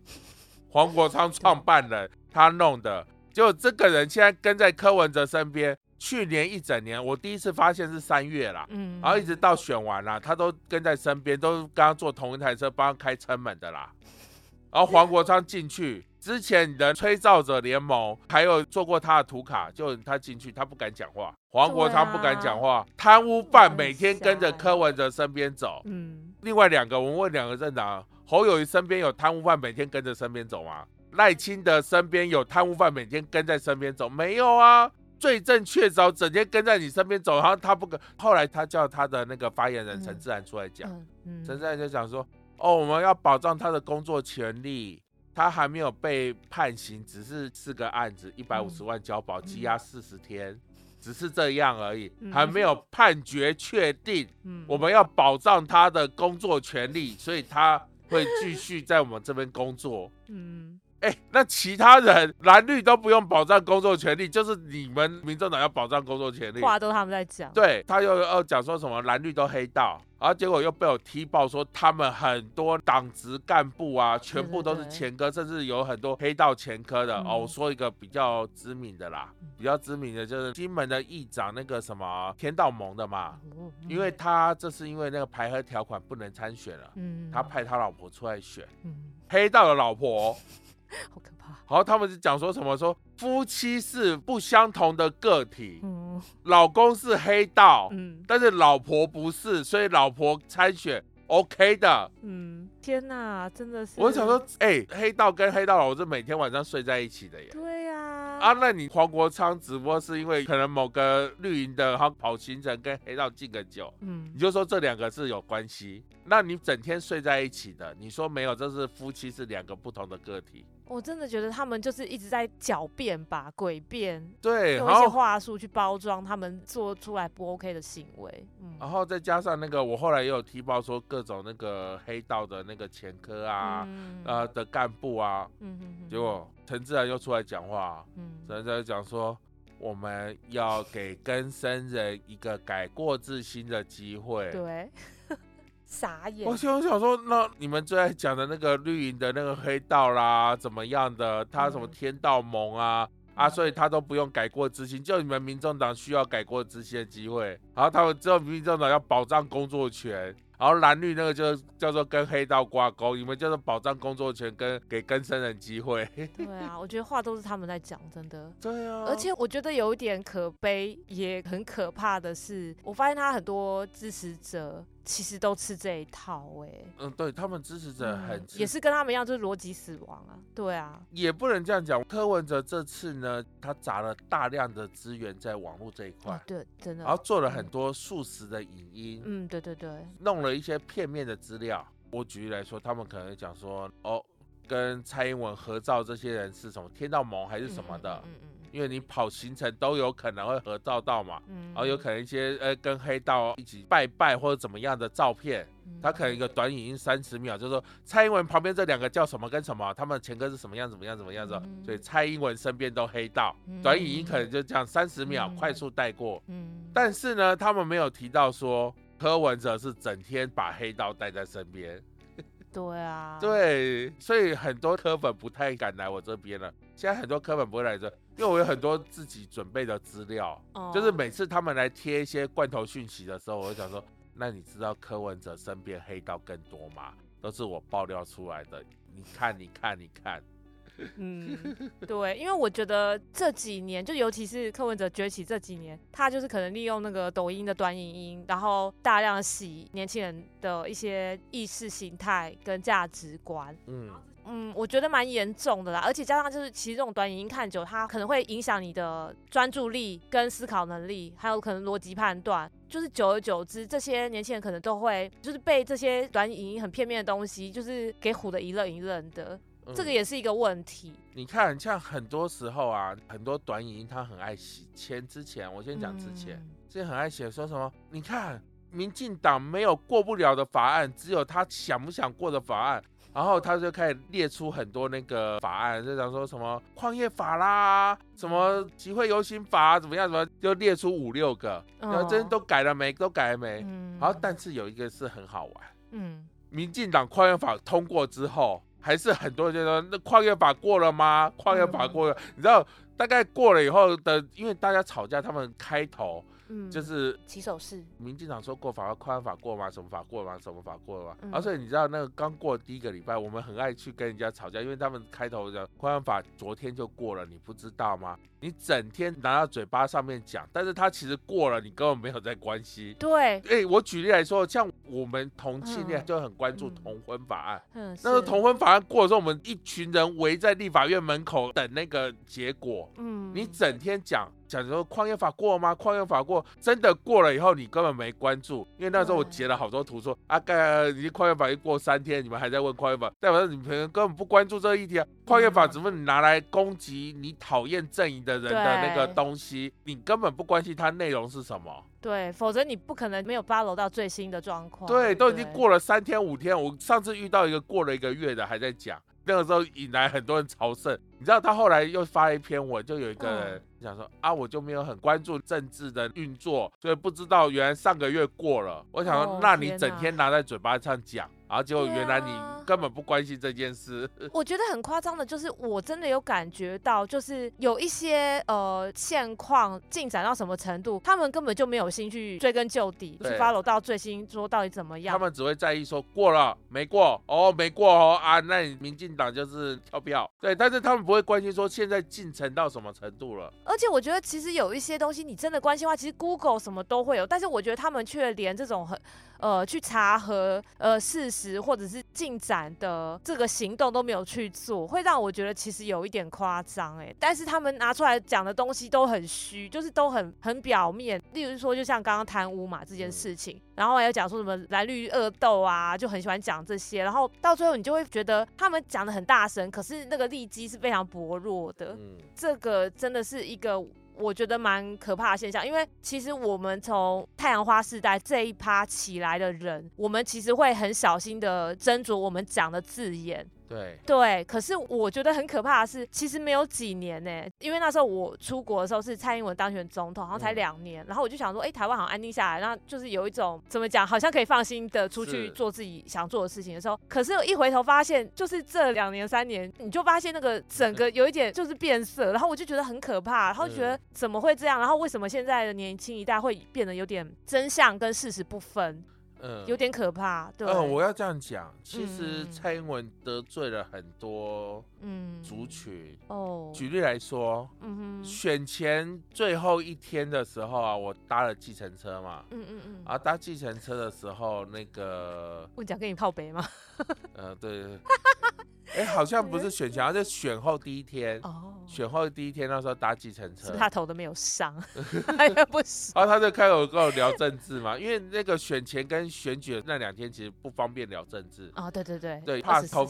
黃國昌創辦人，他弄的，就這個人現在跟在柯文哲身邊。去年一整年，我第一次發現是三月啦，嗯，然後一直到選完了，他都跟在身邊，都跟他坐同一台車，幫他開車門的啦。然後黃國昌進去之前，人吹哨者聯盟還有做過他的圖卡，就他進去，他不敢講話。黃國昌不敢講話，啊、貪污犯每天跟着柯文哲身邊走，嗯。另外兩個，我們問兩個政黨，侯友宜身邊有貪污犯每天跟着身邊走嗎？賴清德身邊有貪污犯每天跟在身邊走沒有啊？罪證確鑿，整天跟在你身邊走，然後他不可。後來他叫他的那個發言人陳智菡出來講，陳智、嗯嗯、菡就講說：“哦，我們要保障他的工作權利，他還沒有被判刑，只是四個案子，一百五十萬交保，羈、嗯、押四十天，嗯、只是這樣而已，嗯、還沒有判決確定。嗯、我們要保障他的工作權利，所以他會繼續在我們這邊工作。”嗯。哎、欸，那其他人藍綠都不用保障工作權利，就是你們民眾黨要保障工作權利，話都他們在講，對他又又講說什麼藍綠都黑道，然後結果又被我踢爆說他們很多黨職幹部啊，全部都是前科，對對對甚至有很多黑道前科的、嗯、哦。我說一個比較知名的啦，比較知名的就是金門的議長那個什麼天道盟的嘛，因為他這是因為那個排黑條款不能參選了，嗯、他派他老婆出來選，嗯、黑道的老婆。 好可怕！好，他們就講說什麼說夫妻是不相同的個體，嗯，老公是黑道，嗯，但是老婆不是，所以老婆參選 OK 的，嗯，天哪，真的是！我想說，哎、欸，黑道跟黑道老是每天晚上睡在一起的呀，對呀、啊，啊，那你黃國昌只不過，是因為可能某個綠營的他跑行程跟黑道敬個酒，嗯，你就說這兩個是有關係？那你整天睡在一起的，你說沒有？這是夫妻是兩個不同的個體。我真的覺得他們就是一直在狡辯吧，詭辯，對，用一些話術去包裝他們做出來不 OK 的行為，好嗯、然後再加上那個，我後來也有踢爆說各種那個黑道的那個前科啊，嗯、呃的幹部啊，嗯、哼哼結果陳自然又出來講話，嗯，陳自然講說我們要給更生人一個改過自新的機會， 對。傻眼！我我想說，那你們最愛講的那個綠營的那個黑道啦，怎麼樣的？他什麼天道盟啊、嗯、啊，所以他都不用改過自新，就你們民眾黨需要改過自新的機會。然後他們之後民眾黨要保障工作權，然後藍綠那個就，就叫做跟黑道掛鈎，你們叫做保障工作權跟給更生人機會。對啊，我覺得話都是他們在講，真的。對啊。而且我覺得有一點可悲，也很可怕的是，我發現他很多支持者。其實都吃這一套哎、欸，嗯，對他們支持者很持、嗯、也是跟他們一樣，就是邏輯死亡啊，對啊，也不能這樣講。柯文哲這次呢，他砸了大量的資源在網絡這一塊、嗯，對，真的，然後做了很多素食的影音，嗯，對對對，弄了一些片面的資料。嗯、對對對，我舉例來說，他們可能會講說，哦，跟蔡英文合照這些人是什麼天道盟還是什麼的。嗯因為你跑行程都有可能會合照到嘛，然後、嗯啊、有可能一些呃跟黑道一起拜拜或者怎麼樣的照片，他、嗯、可能一個短影音三十秒就是說，蔡英文旁邊這兩個叫什麼跟什麼，他們前科是什麼樣怎麼樣怎麼樣的。嗯、所以蔡英文身邊都黑道，嗯、短影音可能就這樣三十秒快速帶過，嗯嗯、但是呢，他們沒有提到說柯文哲是整天把黑道帶在身邊。對啊，對，所以很多柯粉不太敢來我這邊了。現在很多柯粉不會來這，因為我有很多自己準備的資料。哦。就是每次他們來貼一些罐頭訊息的時候，我就想說，那你知道柯文哲身邊黑道更多嗎？都是我爆料出來的。你看，你看，你看。嗯，對，因為我覺得這幾年，就尤其是柯文哲崛起這幾年，他就是可能利用那個抖音的短影音，音，然後大量洗年輕人的一些意識形態跟價值觀。嗯嗯，我覺得蠻嚴重的啦，而且加上就是其實這種短影音看久，它可能會影響你的專注力跟思考能力，還有可能邏輯判斷。就是久而久之，這些年輕人可能都會就是被這些短影音很片面的東西，就是給唬得一愣一愣的。嗯、這個也是一個問題。你看，像很多時候啊，很多短影音他很愛寫。前之前我先講，之前、嗯、之前很愛寫說什麼？你看，民進黨沒有過不了的法案，只有他想不想過的法案。然後他就開始列出很多那個法案，就想說什麼礦業法啦，什麼集會遊行法怎麼樣？怎麼就列出五六個？然後真的都改了沒？哦、都改了沒？好、嗯，然後但是有一個是很好玩。嗯，民進黨礦業法通過之後。還是很多人就說，那礦業法過了嗎？礦業法過了， 你知道大概過了以後的，因為大家吵架，他們開頭。嗯，就是起手式。民進黨說過法，法案寬法過嗎？什麼法過嗎？什麼法過了嗎？啊，而且你知道那個剛過的第一個禮拜，我們很愛去跟人家吵架，因為他們開頭的寬法，法昨天就過了，你不知道嗎？你整天拿到嘴巴上面講，但是他其實過了，你根本沒有在關係。對，哎、欸，我舉例來說，像我們同性戀就很關注同婚法案。嗯，嗯嗯，是。那個同婚法案過了之後，我們一群人圍在立法院門口等那個結果。嗯，你整天講。講說礦業法過嗎？礦業法過真的過了以後，你根本沒關注，因為那時候我截了好多圖說對啊，個、呃、你礦業法一過三天，你們還在問礦業法，代表你們根本不關注這個議題，礦業法只是你拿來攻擊你討厭陣營的人的那個東西，對你根本不關心它內容是什麼。對，否則你不可能沒有 follow 到最新的狀況。對，對都已經過了三天五天，我上次遇到一個過了一個月的還在講，那個時候引來很多人朝聖。你知道他後來又發了一篇文，就有一個人想說啊，我就沒有很關注政治的運作，所以不知道原來上個月過了。我想說，那你整天拿在嘴巴上講，然後結果原來你根本不關心這件事。嗯、我覺得很誇張的，就是我真的有感覺到，就是有一些呃現況進展到什麼程度，他們根本就沒有心去追根究底，就是 follow 到最新說到底怎麼樣，他們只會在意說過了沒過哦，沒過哦啊，那你民進黨就是跳票，對，但是他們。不會關心說現在進程到什麼程度了，而且我覺得其實有一些東西你真的關心的話，其實 Google 什麼都會有，但是我覺得他們卻連這種很呃去查核呃事實或者是進展的這個行動都沒有去做，會讓我覺得其實有一點誇張誒、欸。但是他們拿出來講的東西都很虛，就是都很很表面，例如說就像剛剛貪污嘛這件事情。嗯。然後還有講說什麼藍綠惡鬥啊，就很喜歡講這些。然後到最後你就會覺得他們講得很大聲，可是那個立基是非常薄弱的。嗯，這個真的是一個我覺得蠻可怕的現象，因為其實我們從太陽花世代這一趴起來的人，我們其實會很小心的斟酌我們講的字眼。對對，可是我覺得很可怕的是，其實沒有幾年呢，因為那時候我出國的時候是蔡英文當選總統，然後才兩年，嗯、然後我就想說，誒，台灣好像安定下來，那就是有一種怎麼講，好像可以放心的出去做自己想做的事情的時候，是可是我一回頭發現，就是這兩年三年，你就發現那個整個有一點就是變色，嗯、然後我就覺得很可怕，然後覺得怎麼會這樣，然後為什麼現在的年輕一代會變得有點真相跟事實不分？嗯，有點可怕，對，對。呃，我要這樣講，其實蔡英文得罪了很多嗯族群嗯哦。舉例來說，嗯哼，選前最後一天的時候啊，我搭了計程車嘛，嗯嗯嗯，然後搭計程車的時候，那個我講跟你泡杯嗎？ 呃，對。對 哎、欸，好像不是選前，是、欸、選後第一天。哦。選後第一天那時候打計程車，是是他頭都沒有傷，哎 呀，不行。然後他就開口跟我聊政治嘛，因為那個選前跟選舉的那兩天其實不方便聊政治。哦，對對對。對，怕投，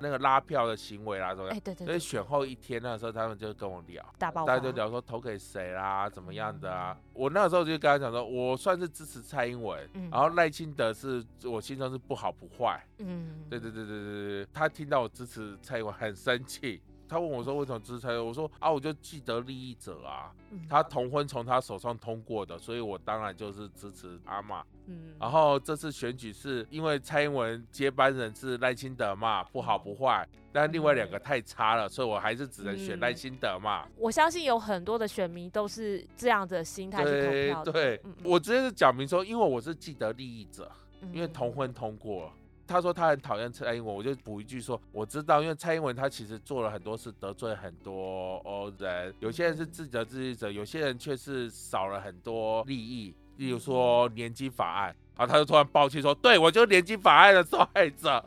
那個拉票的行為啦，怎麼哎、欸，對對，對。所以選後一天那時候，他們就跟我聊，大家就聊說投給誰啦，怎麼樣的啊？嗯、我那時候就跟他講說，我算是支持蔡英文，嗯、然後賴清德是我心中是不好不壞。嗯，對對對對對，他聽到我支持蔡英文很生氣，他問我說為什麼支持蔡英文？我說啊，我就既得利益者啊，嗯、他同婚從他手上通過的，所以我當然就是支持阿瑪。嗯，然後這次選舉是因為蔡英文接班人是賴清德嘛，不好不壞，但另外兩個太差了，所以我還是只能選賴清德嘛。嗯、我相信有很多的選民都是這樣的心態去投票的對。對，對、嗯、我直接是講明說，因為我是既得利益者，嗯、因為同婚通過了。他說他很討厭蔡英文，我就補一句說，我知道，因為蔡英文他其實做了很多事，得罪很多人，有些人是自己的支持者，有些人卻是少了很多利益，例如說年金法案。啊！然後他就突然爆氣說：“對我就是年金法案的受害者，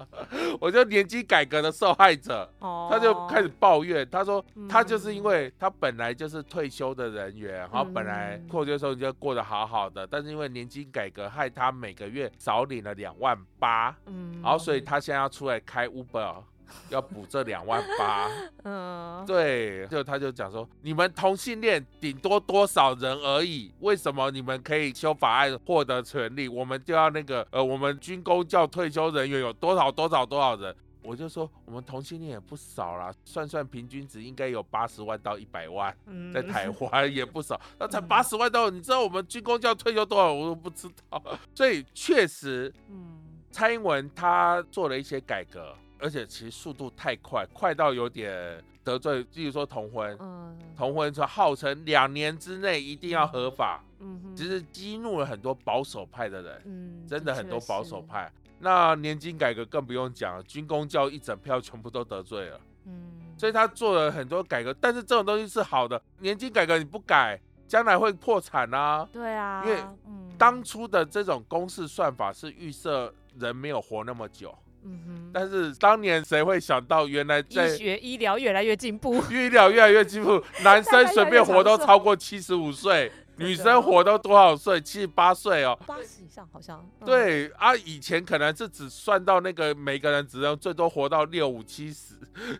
我就年金改革的受害者。”哦，他就開始抱怨，他說：“他就是因為他本來就是退休的人員，嗯、然後本來退休的時候你就過得好好的，但是因為年金改革害他每個月少領了兩萬八，嗯，然後所以他現在要出來開 Uber。” 要補這兩萬八，嗯，對，就他就講說，你們同性戀頂多多少人而已，為什麼你們可以修法案獲得權利，我們就要那個，呃，我們軍公教退休人員有多少多少多少人？我就說我們同性戀也不少啦，算算平均值應該有八十萬到一百萬，在台灣也不少，那才八十萬到，你知道我們軍公教退休多少？我都不知道，所以確實，嗯，蔡英文他做了一些改革。而且其實速度太快，快到有點得罪，比如說同婚，嗯，同婚說號稱兩年之內一定要合法，嗯，嗯哼，其實激怒了很多保守派的人，嗯，真的很多保守派。那年金改革更不用講了，軍公教一整票全部都得罪了，嗯，所以他做了很多改革，但是這種東西是好的，年金改革你不改，將來會破產啊，對啊，因為當初的這種公式算法是預設人沒有活那麼久。嗯哼，但是當年誰會想到，原來在醫學醫療越來越進步， 醫療越來越進步，男生隨便活都超過七十五歲，女生活到多少歲？七十八歲哦，八十以上好像。對啊，以前可能是只算到那個每個人只能最多活到六五七十，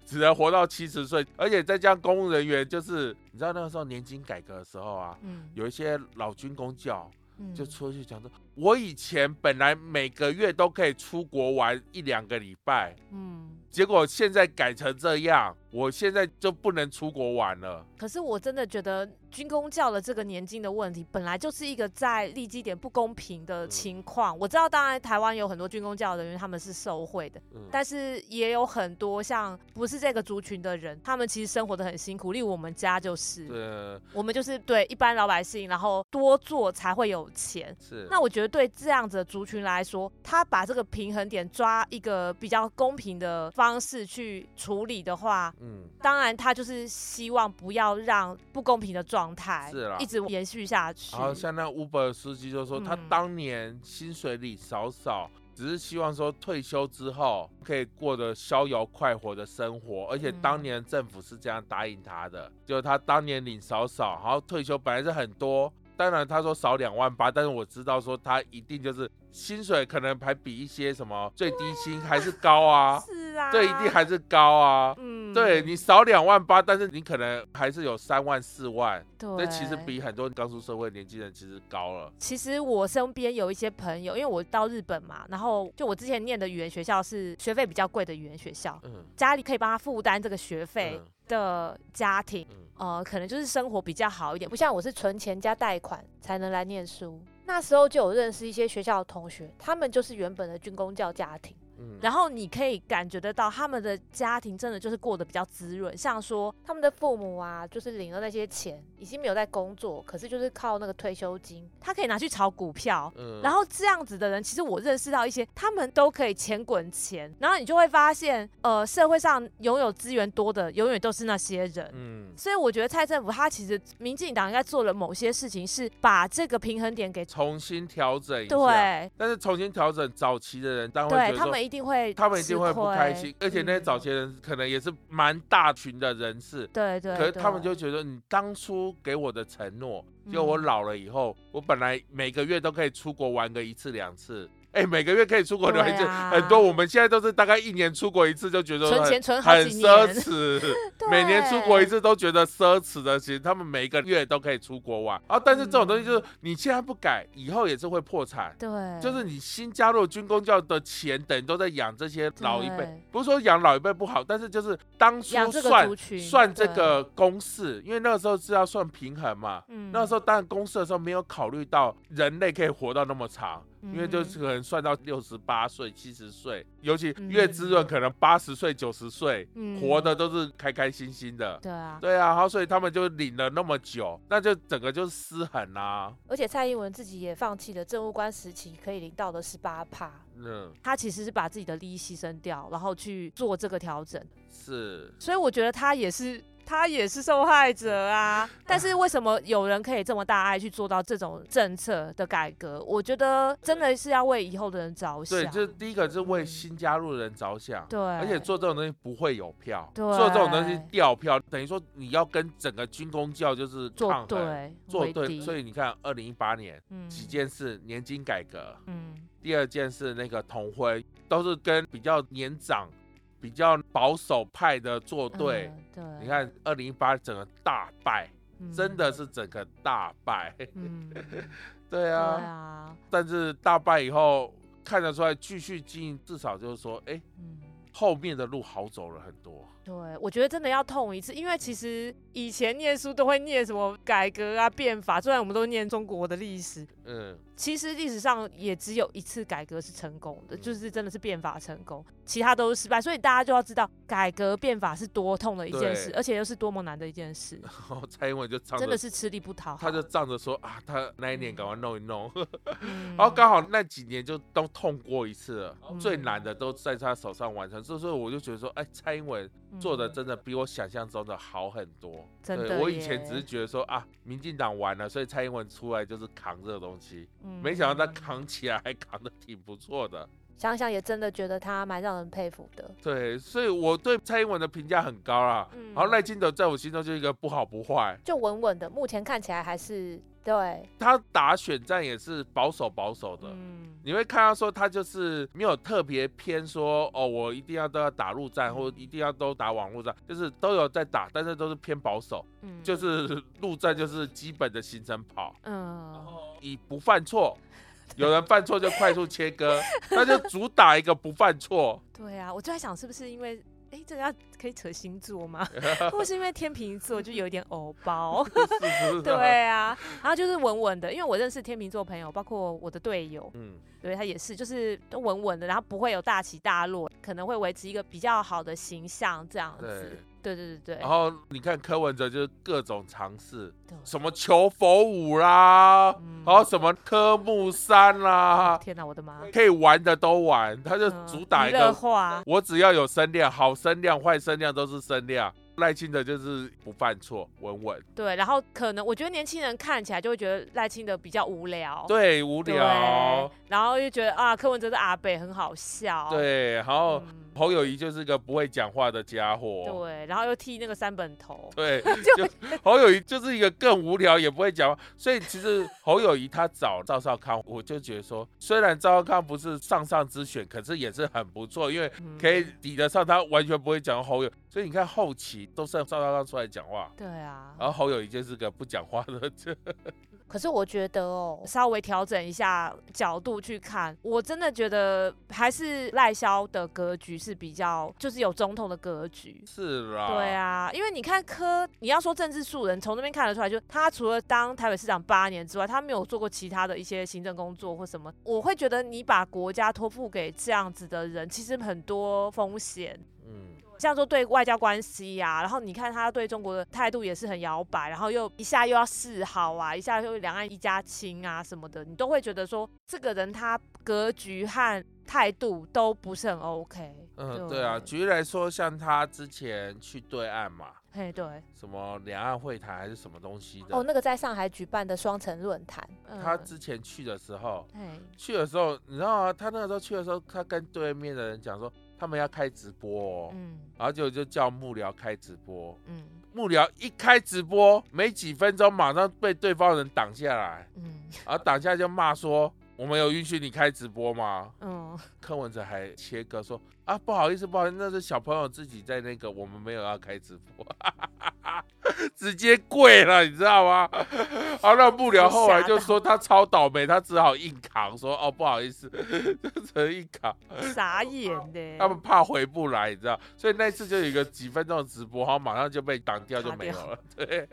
只能活到七十歲，而且再加上公務人員，就是你知道那個時候年金改革的時候啊，嗯，有一些老軍公教。就出去講說，嗯、我以前本來每個月都可以出國玩一兩個禮拜，嗯，結果現在改成這樣。我現在就不能出國玩了。可是我真的覺得軍公教的這個年金的問題，本來就是一個在立基點不公平的情況。嗯、我知道，當然台灣有很多軍公教的人員他們是受惠的，嗯、但是也有很多像不是這個族群的人，他們其實生活得很辛苦。例如我們家就是，對我們就是對一般老百姓，然後多做才會有錢。是。那我覺得對這樣子的族群來說，他把這個平衡點抓一個比較公平的方式去處理的話。嗯嗯，當然他就是希望不要讓不公平的狀態是了啦，一直延續下去。然後像那 Uber 司機就說，嗯、他當年薪水領少少，只是希望說退休之後可以過得逍遙快活的生活。而且當年政府是這樣答應他的，嗯、就是他當年領少少，然後退休本來是很多，當然他說少兩萬八，但是我知道說他一定就是薪水可能還比一些什麼最低薪還是高啊，是啊、嗯，這一定還是高啊。對，你少兩萬八，但是你可能還是有三萬四萬，對，其實比很多剛出社會年輕人其實高了。其實我身邊有一些朋友，因為我到日本嘛，然後就我之前念的語言學校是學費比較貴的語言學校，嗯、家裡可以幫他負擔這個學費的家庭，嗯、呃，可能就是生活比較好一點，不像我是存錢加貸款才能來念書。那時候就有認識一些學校的同學，他們就是原本的軍公教家庭。然後你可以感覺得到，他們的家庭真的就是過得比較滋潤，像說他們的父母啊，就是領了那些錢，已經沒有在工作，可是就是靠那個退休金，他可以拿去炒股票。嗯。然後這樣子的人，其實我認識到一些，他們都可以錢滾錢。然後你就會發現，呃，社會上擁有資源多的，永遠都是那些人。嗯。所以我覺得蔡政府他其實，民進黨應該做了某些事情，是把這個平衡點給重新調整一下。對。但是重新調整，早期的人，當會。對，他們。一定會，他們一定會不開心，嗯、而且那些早些人可能也是蠻大群的人士。對，對對，可是他們就覺得，你當初給我的承諾，就、嗯、我老了以後，我本來每個月都可以出國玩個一次兩次。哎、欸，每個月可以出國一次，啊、很多。我們現在都是大概一年出國一次，就覺得很，存存很奢侈。 對每年出國一次都覺得奢侈的，其實他們每一個月都可以出國玩。啊，但是這種東西就是、嗯、你現在不改，以後也是會破產。對，就是你新加入軍公教的錢，等於都在養這些老一輩。對不是說養老一輩不好，但是就是當初算這算這個公式，對因為那個時候是要算平衡嘛。嗯對。那時候，當然公式的時候沒有考慮到人類可以活到那麼長。因為就是可能算到六十八歲、七十歲，尤其越滋潤，可能八十歲、九十歲，活的都是開開心心的。對啊，對啊，然後所以他們就領了那麼久，那就整個就是失衡啦、啊。而且蔡英文自己也放棄了政務官時期可以領到的十八趴。嗯，他其實是把自己的利益犧牲掉，然後去做這個調整。是，所以我覺得他也是。他也是受害者啊，但是為什麼有人可以這麼大愛去做到這種政策的改革？我覺得真的是要為以後的人着想。對，就是第一個是為新加入的人着想、嗯。對，而且做這種東西不會有票，對做這種東西掉票，等於說你要跟整個軍公教就是抗衡，做對做對。做對定所以你看，二零一八年，嗯，幾件事：年金改革，嗯，第二件事那個同輝，都是跟比較年長。比較保守派的作對、嗯，對，你看二零一八整個大敗，嗯、真的是整個大敗。 對啊、嗯，對啊，但是大敗以後看得出來，繼續經營至少就是說，哎、欸，嗯、後面的路好走了很多。對，我覺得真的要痛一次，因為其實以前念書都會念什麼改革啊、變法，雖然我們都念中國的歷史，嗯，其實歷史上也只有一次改革是成功的，嗯、就是真的是變法成功，其他都是失敗，所以大家就要知道改革變法是多痛的一件事，對而且又是多麼難的一件事。然後蔡英文仗着真的是吃力不討好，他就仗着說啊，他那一年趕快弄一弄，嗯、 然後剛好那幾年就都痛過一次了，哦、最難的都在他手上完成，嗯、所以我就覺得說，哎，蔡英文。做的真的比我想象中的好很多，真的對，對，我以前只是覺得說啊，民進黨完了，所以蔡英文出來就是扛這個東西，嗯、沒想到他扛起來還扛得挺不錯的，想想也真的覺得他蠻讓人佩服的。對，所以我對蔡英文的評價很高啦。嗯、然後賴清德在我心中就一個不好不壞，就穩穩的，目前看起來還是。對他打選戰也是保守保守的，嗯，你會看到說他就是沒有特別偏說哦，我一定要都要打陸戰，嗯、或一定要都打網絡戰，就是都有在打，但是都是偏保守，嗯，就是陸戰就是基本的行程跑，嗯，然後以不犯錯，嗯、有人犯錯就快速切割，那 就主打一個不犯錯。對啊，我就在想是不是因為。哎，這個要可以扯星座嗎？ 或是因為天秤座就有一點偶包， 對啊，然後就是穩穩的，因為我認識天秤座朋友，包括我的隊友，嗯，對他也是，就是都穩穩的，然後不會有大起大落，可能會維持一個比較好的形象這樣子。對對對對，然後你看柯文哲就是各種嘗試，對什麼求佛舞啦，嗯、然後什麼科目三啦，天哪，我的媽，可以玩的都玩，他就主打一個，嗯、我只要有聲量，好聲量、壞聲量都是聲量。賴清德就是不犯錯，穩穩。對，然後可能我覺得年輕人看起來就會覺得賴清德比較無聊，對，無聊，然後又覺得啊，柯文哲是阿北，很好笑。對，然後。嗯侯友誼就是一個不會講話的家伙，對，然後又剃那個三本頭，對，就侯友宜就是一個更無聊，也不會講話，所以其實侯友宜他找趙少、少康，我就覺得說，雖然趙少康不是上上之選，可是也是很不錯，因為可以抵得上他完全不會講侯友，所以你看後期都是趙少康出來講話，對啊，然後侯友宜就是個不講話的。可是我覺得哦，稍微調整一下角度去看，我真的覺得還是賴蕭的格局是比較，就是有總統的格局。是啦、啊，對啊，因為你看柯，你要說政治素人，從那邊看得出來就，就他除了當台北市長八年之外，他沒有做過其他的一些行政工作或什麼。我會覺得你把國家托付給這樣子的人，其實很多風險。像說對外交關係呀、啊，然後你看他對中國的態度也是很搖擺，然後又一下又要示好啊，一下又兩岸一家親啊什麼的，你都會覺得說這個人他格局和態度都不是很 OK。嗯，對，對啊，舉例來說，像他之前去對岸嘛，嘿，對，什麼兩岸會談還是什麼東西的？哦，那個在上海舉辦的雙城論壇。嗯、他之前去的時候，嘿去的時候，你知道啊，他那個時候去的時候，他跟對面的人講說。他們要開直播哦，嗯，然後就就叫幕僚開直播，嗯，幕僚一開直播，沒幾分鐘馬上被對方人擋下來，嗯，然後擋下來就罵說：“我們有允許你開直播嗎？”嗯，柯文哲還切割說。啊，不好意思，不好意思，那是小朋友自己在那個，我們沒有要開直播，哈哈哈哈直接跪了，你知道嗎？好是、啊，那幕僚後來就說他超倒霉，他只好硬扛，說哦不好意思，就只能硬扛，傻眼的，他們怕回不來，你知道，所以那次就有一個幾分鐘的直播，然後馬上就被擋掉，就沒有了，了對，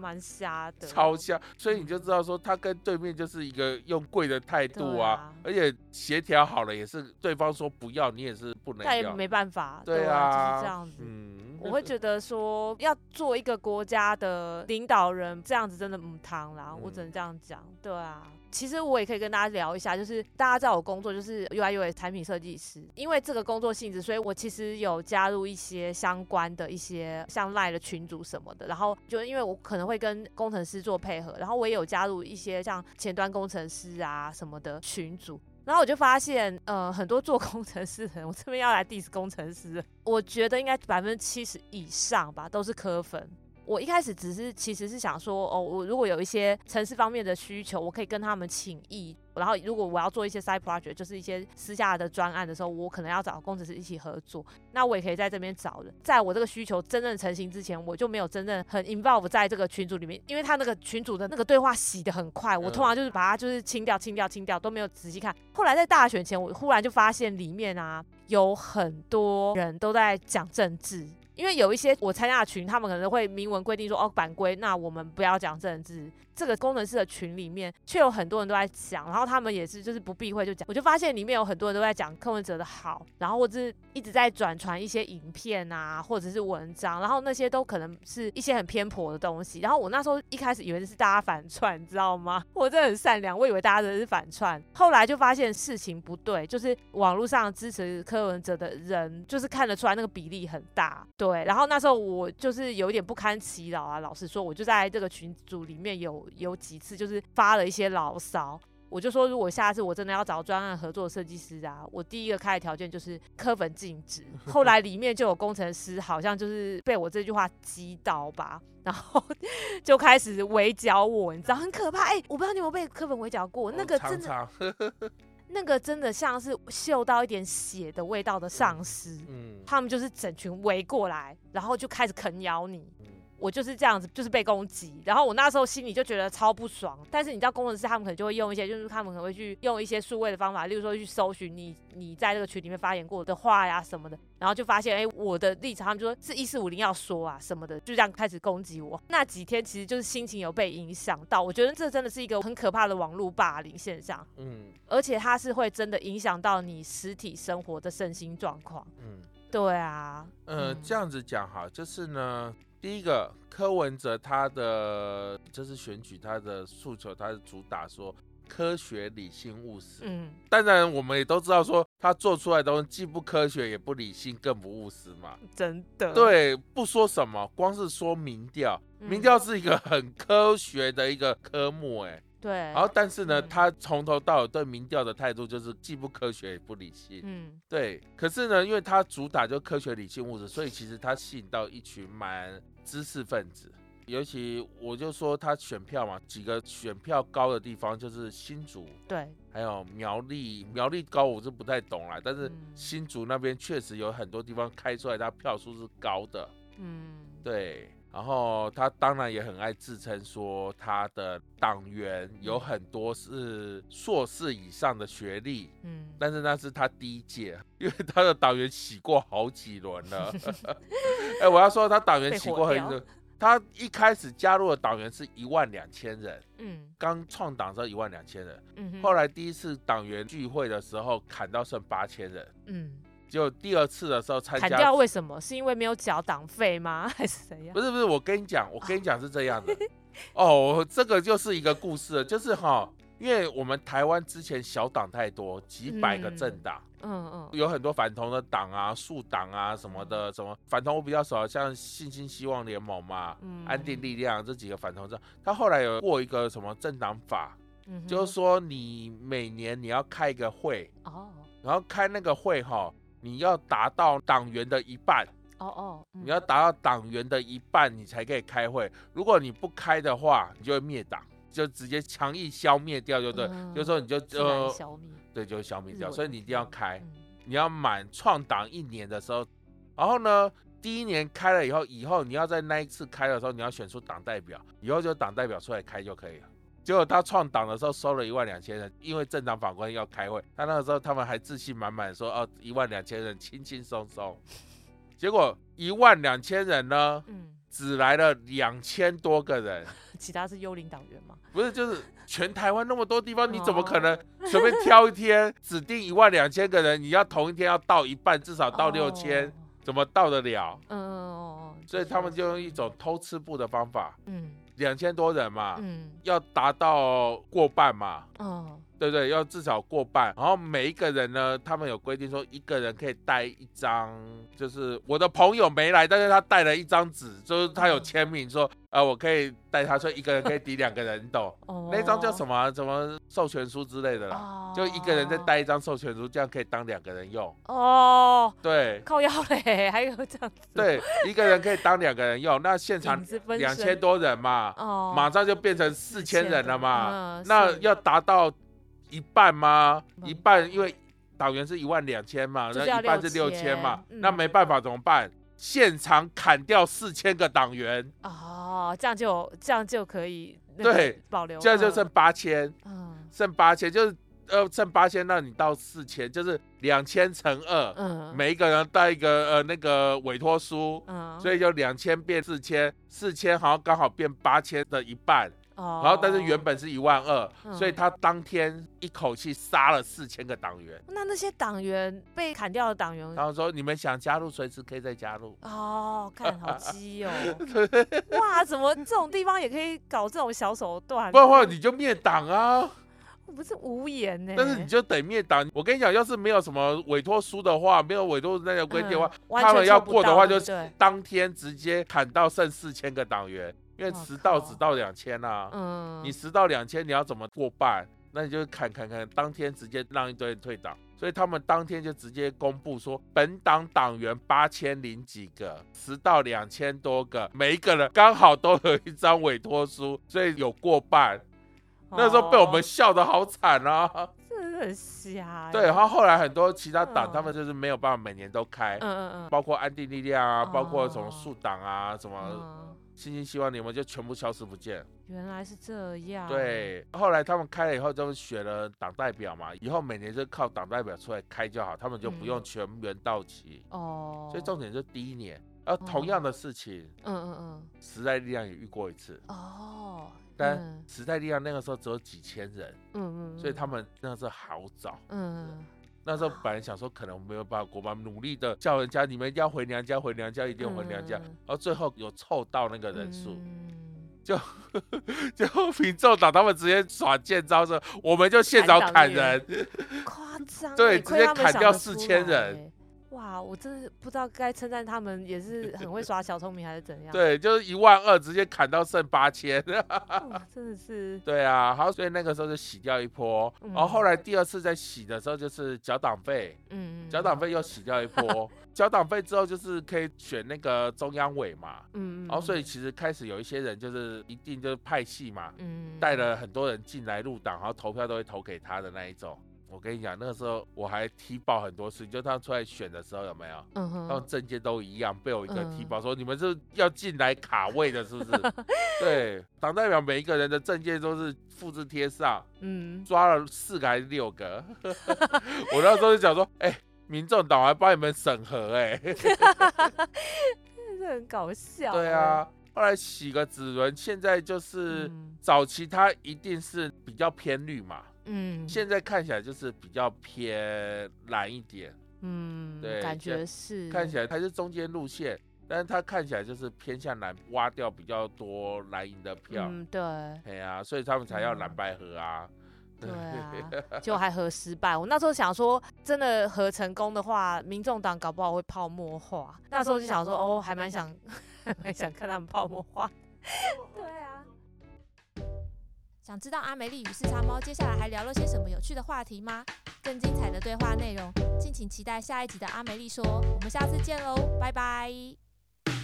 蠻瞎的，超瞎，所以你就知道說他跟對面就是一個用跪的態度啊，啊而且協調好了也是對方說不要。你也是不能，但也沒辦法，對啊，對啊，就是這樣子。嗯、我會覺得說要做一個國家的領導人，這樣子真的唔唐啦，我只能這樣講，嗯、對啊。其實我也可以跟大家聊一下，就是大家知道我工作就是 u i u i 產品設計師，因為這個工作性質，所以我其實有加入一些相關的一些像 LINE 的群組什麼的，然後就因為我可能會跟工程師做配合，然後我也有加入一些像前端工程師啊什麼的群組。然後我就發現，呃，很多做工程師的人，我這邊要來 diss 工程師，我覺得應該百分之七十以上吧，都是柯粉。我一開始只是其實是想說，哦，我如果有一些城市方面的需求，我可以跟他們請益。然後，如果我要做一些 side project，就是一些私下的專案的時候，我可能要找工程師一起合作。那我也可以在這邊找人，在我這個需求真正成型之前，我就沒有真正很 involve 在這個群組裡面，因為他那個群組的那個對話洗得很快，我通常就是把它就是清掉、清掉、清掉，都沒有仔細看。後來在大選前，我忽然就發現裡面啊有很多人都在講政治，因為有一些我參加的群，他們可能會明文規定說，哦，版規，那我們不要講政治。這個工程師的群裡面，卻有很多人都在講，然後他們也是就是不避諱就講，我就發現裡面有很多人都在講柯文哲的好，然後或者是一直在轉傳一些影片啊，或者是文章，然後那些都可能是一些很偏頗的東西。然後我那時候一開始以為是大家反串，你知道嗎？我真的很善良，我以為大家都是反串，後來就發現事情不對，就是網絡上支持柯文哲的人，就是看得出來那個比例很大，對。然後那時候我就是有一點不堪其擾啊，老實說，我就在這個群組裡面有。有幾次就是發了一些牢騷，我就說，如果下次我真的要找專案合作設計師啊，我第一個開的條件就是科粉禁止。後來裡面就有工程師，好像就是被我這句話擊倒吧，然後就開始圍剿我，你知道很可怕。哎，我不知道你有沒有被科粉圍剿過，那個真的，那個真的像是嗅到一點血的味道的喪屍，嗯，他們就是整群圍過來，然後就開始啃咬你。我就是這樣子，就是被攻擊，然後我那時候心裡就覺得超不爽。但是你知道，工程師他們可能就會用一些，就是他們可能會去用一些數位的方法，例如說去搜尋你你在這個群裡面發言過的話呀、啊、什麼的，然後就發現哎、欸，我的立場他們就說是一四五零要說啊什麼的，就這樣開始攻擊我。那幾天其實就是心情有被影響到，我覺得這真的是一個很可怕的網絡霸凌現象。嗯，而且它是會真的影響到你實體生活的身心狀況。嗯，對啊。呃，嗯、這樣子講哈，就是呢。第一個柯文哲他的這、就是選舉，他的訴求，他的主打說科學、理性、務實。嗯，當然我們也都知道，說他做出來的東西既不科學，也不理性，更不務實嘛。真的。對，不說什麼，光是說民調，民調是一個很科學的一個科目、欸，哎。對，然後但是呢，嗯、他從頭到尾對民調的態度就是既不科學也不理性。嗯，對。可是呢，因為他主打就科學理性物質，所以其實他吸引到一群蠻知識分子。尤其我就說他選票嘛，幾個選票高的地方就是新竹，對，還有苗栗。苗栗高我是不太懂啦，但是新竹那邊確實有很多地方開出來，他票數是高的。嗯，對。然後他當然也很愛自稱，說他的黨員有很多是碩士以上的學歷，嗯、但是那是他第一屆，因為他的黨員洗過好幾輪了。 欸、我要說他黨員洗過很多，他一開始加入的黨員是一萬兩千人，嗯、剛創黨時候一萬兩千人，嗯、哼後來第一次黨員聚會的時候砍到剩八千人，嗯就第二次的時候參加，砍掉為什麼？是因為沒有繳黨費嗎？還是怎樣？不是不是，我跟你講，我跟你講是這樣的。哦，這個就是一個故事，就是哈、哦，因為我們台灣之前小黨太多，幾百個政黨，嗯嗯，嗯嗯，有很多反同的黨啊、樹黨啊什麼的，什麼反同我比較熟，像信心希望聯盟嘛，嗯嗯嗯，安定力量這幾個反同的，他後來有過一個什麼政黨法，嗯，嗯，嗯，就是說你每年你要開一個會，哦、然後開那個會哈、哦。你要達到黨員的一半，哦哦，嗯、你要達到黨員的一半，你才可以開會。如果你不開的話，你就會滅黨，就直接強硬消滅掉，就對，嗯、就是說你就就、呃，對，就消滅掉。文所以你一定要開，嗯、你要滿創黨一年的時候，然後呢，第一年開了以後，以後你要在那一次開的時候，你要選出黨代表，以後就黨代表出來開就可以了。結果他創黨的時候收了一萬兩千人，因為政黨法官要開會，他那個時候他們還自信滿滿說：“哦，一萬兩千人，輕輕鬆鬆。”結果一萬兩千人呢，嗯、只來了兩千多個人，其他是幽靈黨員嗎？不是，就是全台灣那麼多地方， 你怎麼可能隨便挑一天指定一萬兩千個人？你要同一天要到一半，至少到六千，哦、怎麼到得了？哦、嗯。所以他們就用一種偷吃步的方法。嗯。兩千多人嘛，嗯，要達到過半嘛。哦。對對，要至少過半。然後每一個人呢，他們有規定說，一個人可以帶一張。就是我的朋友沒來，但是他帶了一張紙，就是他有簽名，說啊，我可以帶他，說一個人可以抵兩個人，懂？那張叫什麼？什麼授權書之類的啦。就一個人再帶一張授權書，這樣可以當兩個人用。哦。對。靠腰嘞，還有這樣子。對，一個人可以當兩個人用。那現場兩千多人嘛，馬上就變成四千人了嘛。那要達到。一半嗎？一半，因為黨員是一萬兩千嘛，然後一半是六千嘛，嗯、那沒辦法，怎麼辦？嗯、現場砍掉四千個黨員。哦，這樣就這樣就可以對保留了，對，這樣就剩八千，嗯、剩八千就是呃剩八千，那你到四千就是兩千乘二，嗯，每一個人帶一個呃那個委託書，嗯，所以就兩千變四千，四千好像剛好變八千的一半。哦，然後、oh, 但是原本是一萬二、嗯，所以他當天一口氣殺了四千個黨員。那那些黨員被砍掉的黨員，然後說，你們想加入隨時可以再加入。Oh, 哦，看好雞哦！哇，怎麼這種地方也可以搞這種小手段？ 不不，你就滅黨啊！我不是無言呢，欸，但是你就得滅黨，我跟你講，要是沒有什麼委托書的話，沒有委托那條規定的話，嗯、他們要過的話，就當天直接砍到剩四千個黨員。因為十到只到兩千啊，嗯，你十到兩千，你要怎麼過半？那你就砍砍砍，當天直接讓一堆人退黨，所以他們當天就直接公布說，本黨黨員八千零幾個，十到兩千多個，每一個人剛好都有一張委托書，所以有過半。那時候被我們笑得好慘啊！真是很瞎。對，然後後來很多其他黨他們就是沒有辦法每年都開，嗯嗯嗯，包括安定力量啊，包括什麼樹黨啊什麼。星星希望你們就全部消失不見，原來是這樣。對，後來他們開了以後，就選了黨代表嘛，以後每年就靠黨代表出來開就好，他們就不用全員到齊、嗯。哦。所以重點就第一年，而同樣的事情，哦、嗯嗯嗯，時代力量也遇過一次。哦。嗯、但時代力量那個時候只有幾千人，嗯嗯、嗯嗯，所以他們那個時候好早，嗯嗯。那時候本來想說，可能沒有辦法過吧，努力的叫人家你們要回娘家，回娘家一定要回娘家，嗯、然後最後有湊到那個人數，嗯、就 就民眾黨他們直接耍賤招的時候，我們就現場砍人，誇張，欸、 對，直接砍掉四千人。哇，我真的不知道該稱讚他們，也是很會耍小聰明，還是怎樣？ 對，就是一萬二直接砍到剩八千，真的是。對啊，好，所以那個時候就洗掉一波，然、哦、後後來第二次再洗的時候就是繳黨費，嗯嗯，繳黨費又洗掉一波，繳黨費之後就是可以選那個中央委嘛，嗯，然後所以其實開始有一些人就是一定就是派系嘛，嗯，帶了很多人進來入黨，然後投票都會投給他的那一種。我跟你講，那個時候我還踢爆很多次，就他出來選的時候有沒有？嗯嗯哼。他們證件都一樣，被我一個踢爆、嗯、說你們是，是要進來卡位的，是不是？ 對，黨代表每一個人的證件都是複製貼上。嗯。抓了四個還是六個？ 我那時候就講說，哎、 欸，民眾黨還幫你們審核、欸，哎 真的很搞笑、欸。對啊，後來洗個指紋，現在就是早期他一定是比較偏綠嘛。嗯，現在看起來就是比較偏藍一點，嗯，對，感覺是，看起來它是中間路線，但是它看起來就是偏向藍，挖掉比較多藍營的票，嗯，對，哎呀、啊，所以他們才要藍白合啊，嗯、對，啊對就還合失敗。我那時候想說，真的合成功的話，民眾黨搞不好會泡沫化。那時候就想說，想哦，還蠻想，蠻想，想看他們泡沫化，對啊。想知道啊沒力與四叉貓接下來還聊了些什麼有趣的話題嗎？更精彩的對話內容，敬請期待下一集的啊沒力說。我們下次見嘍，拜拜。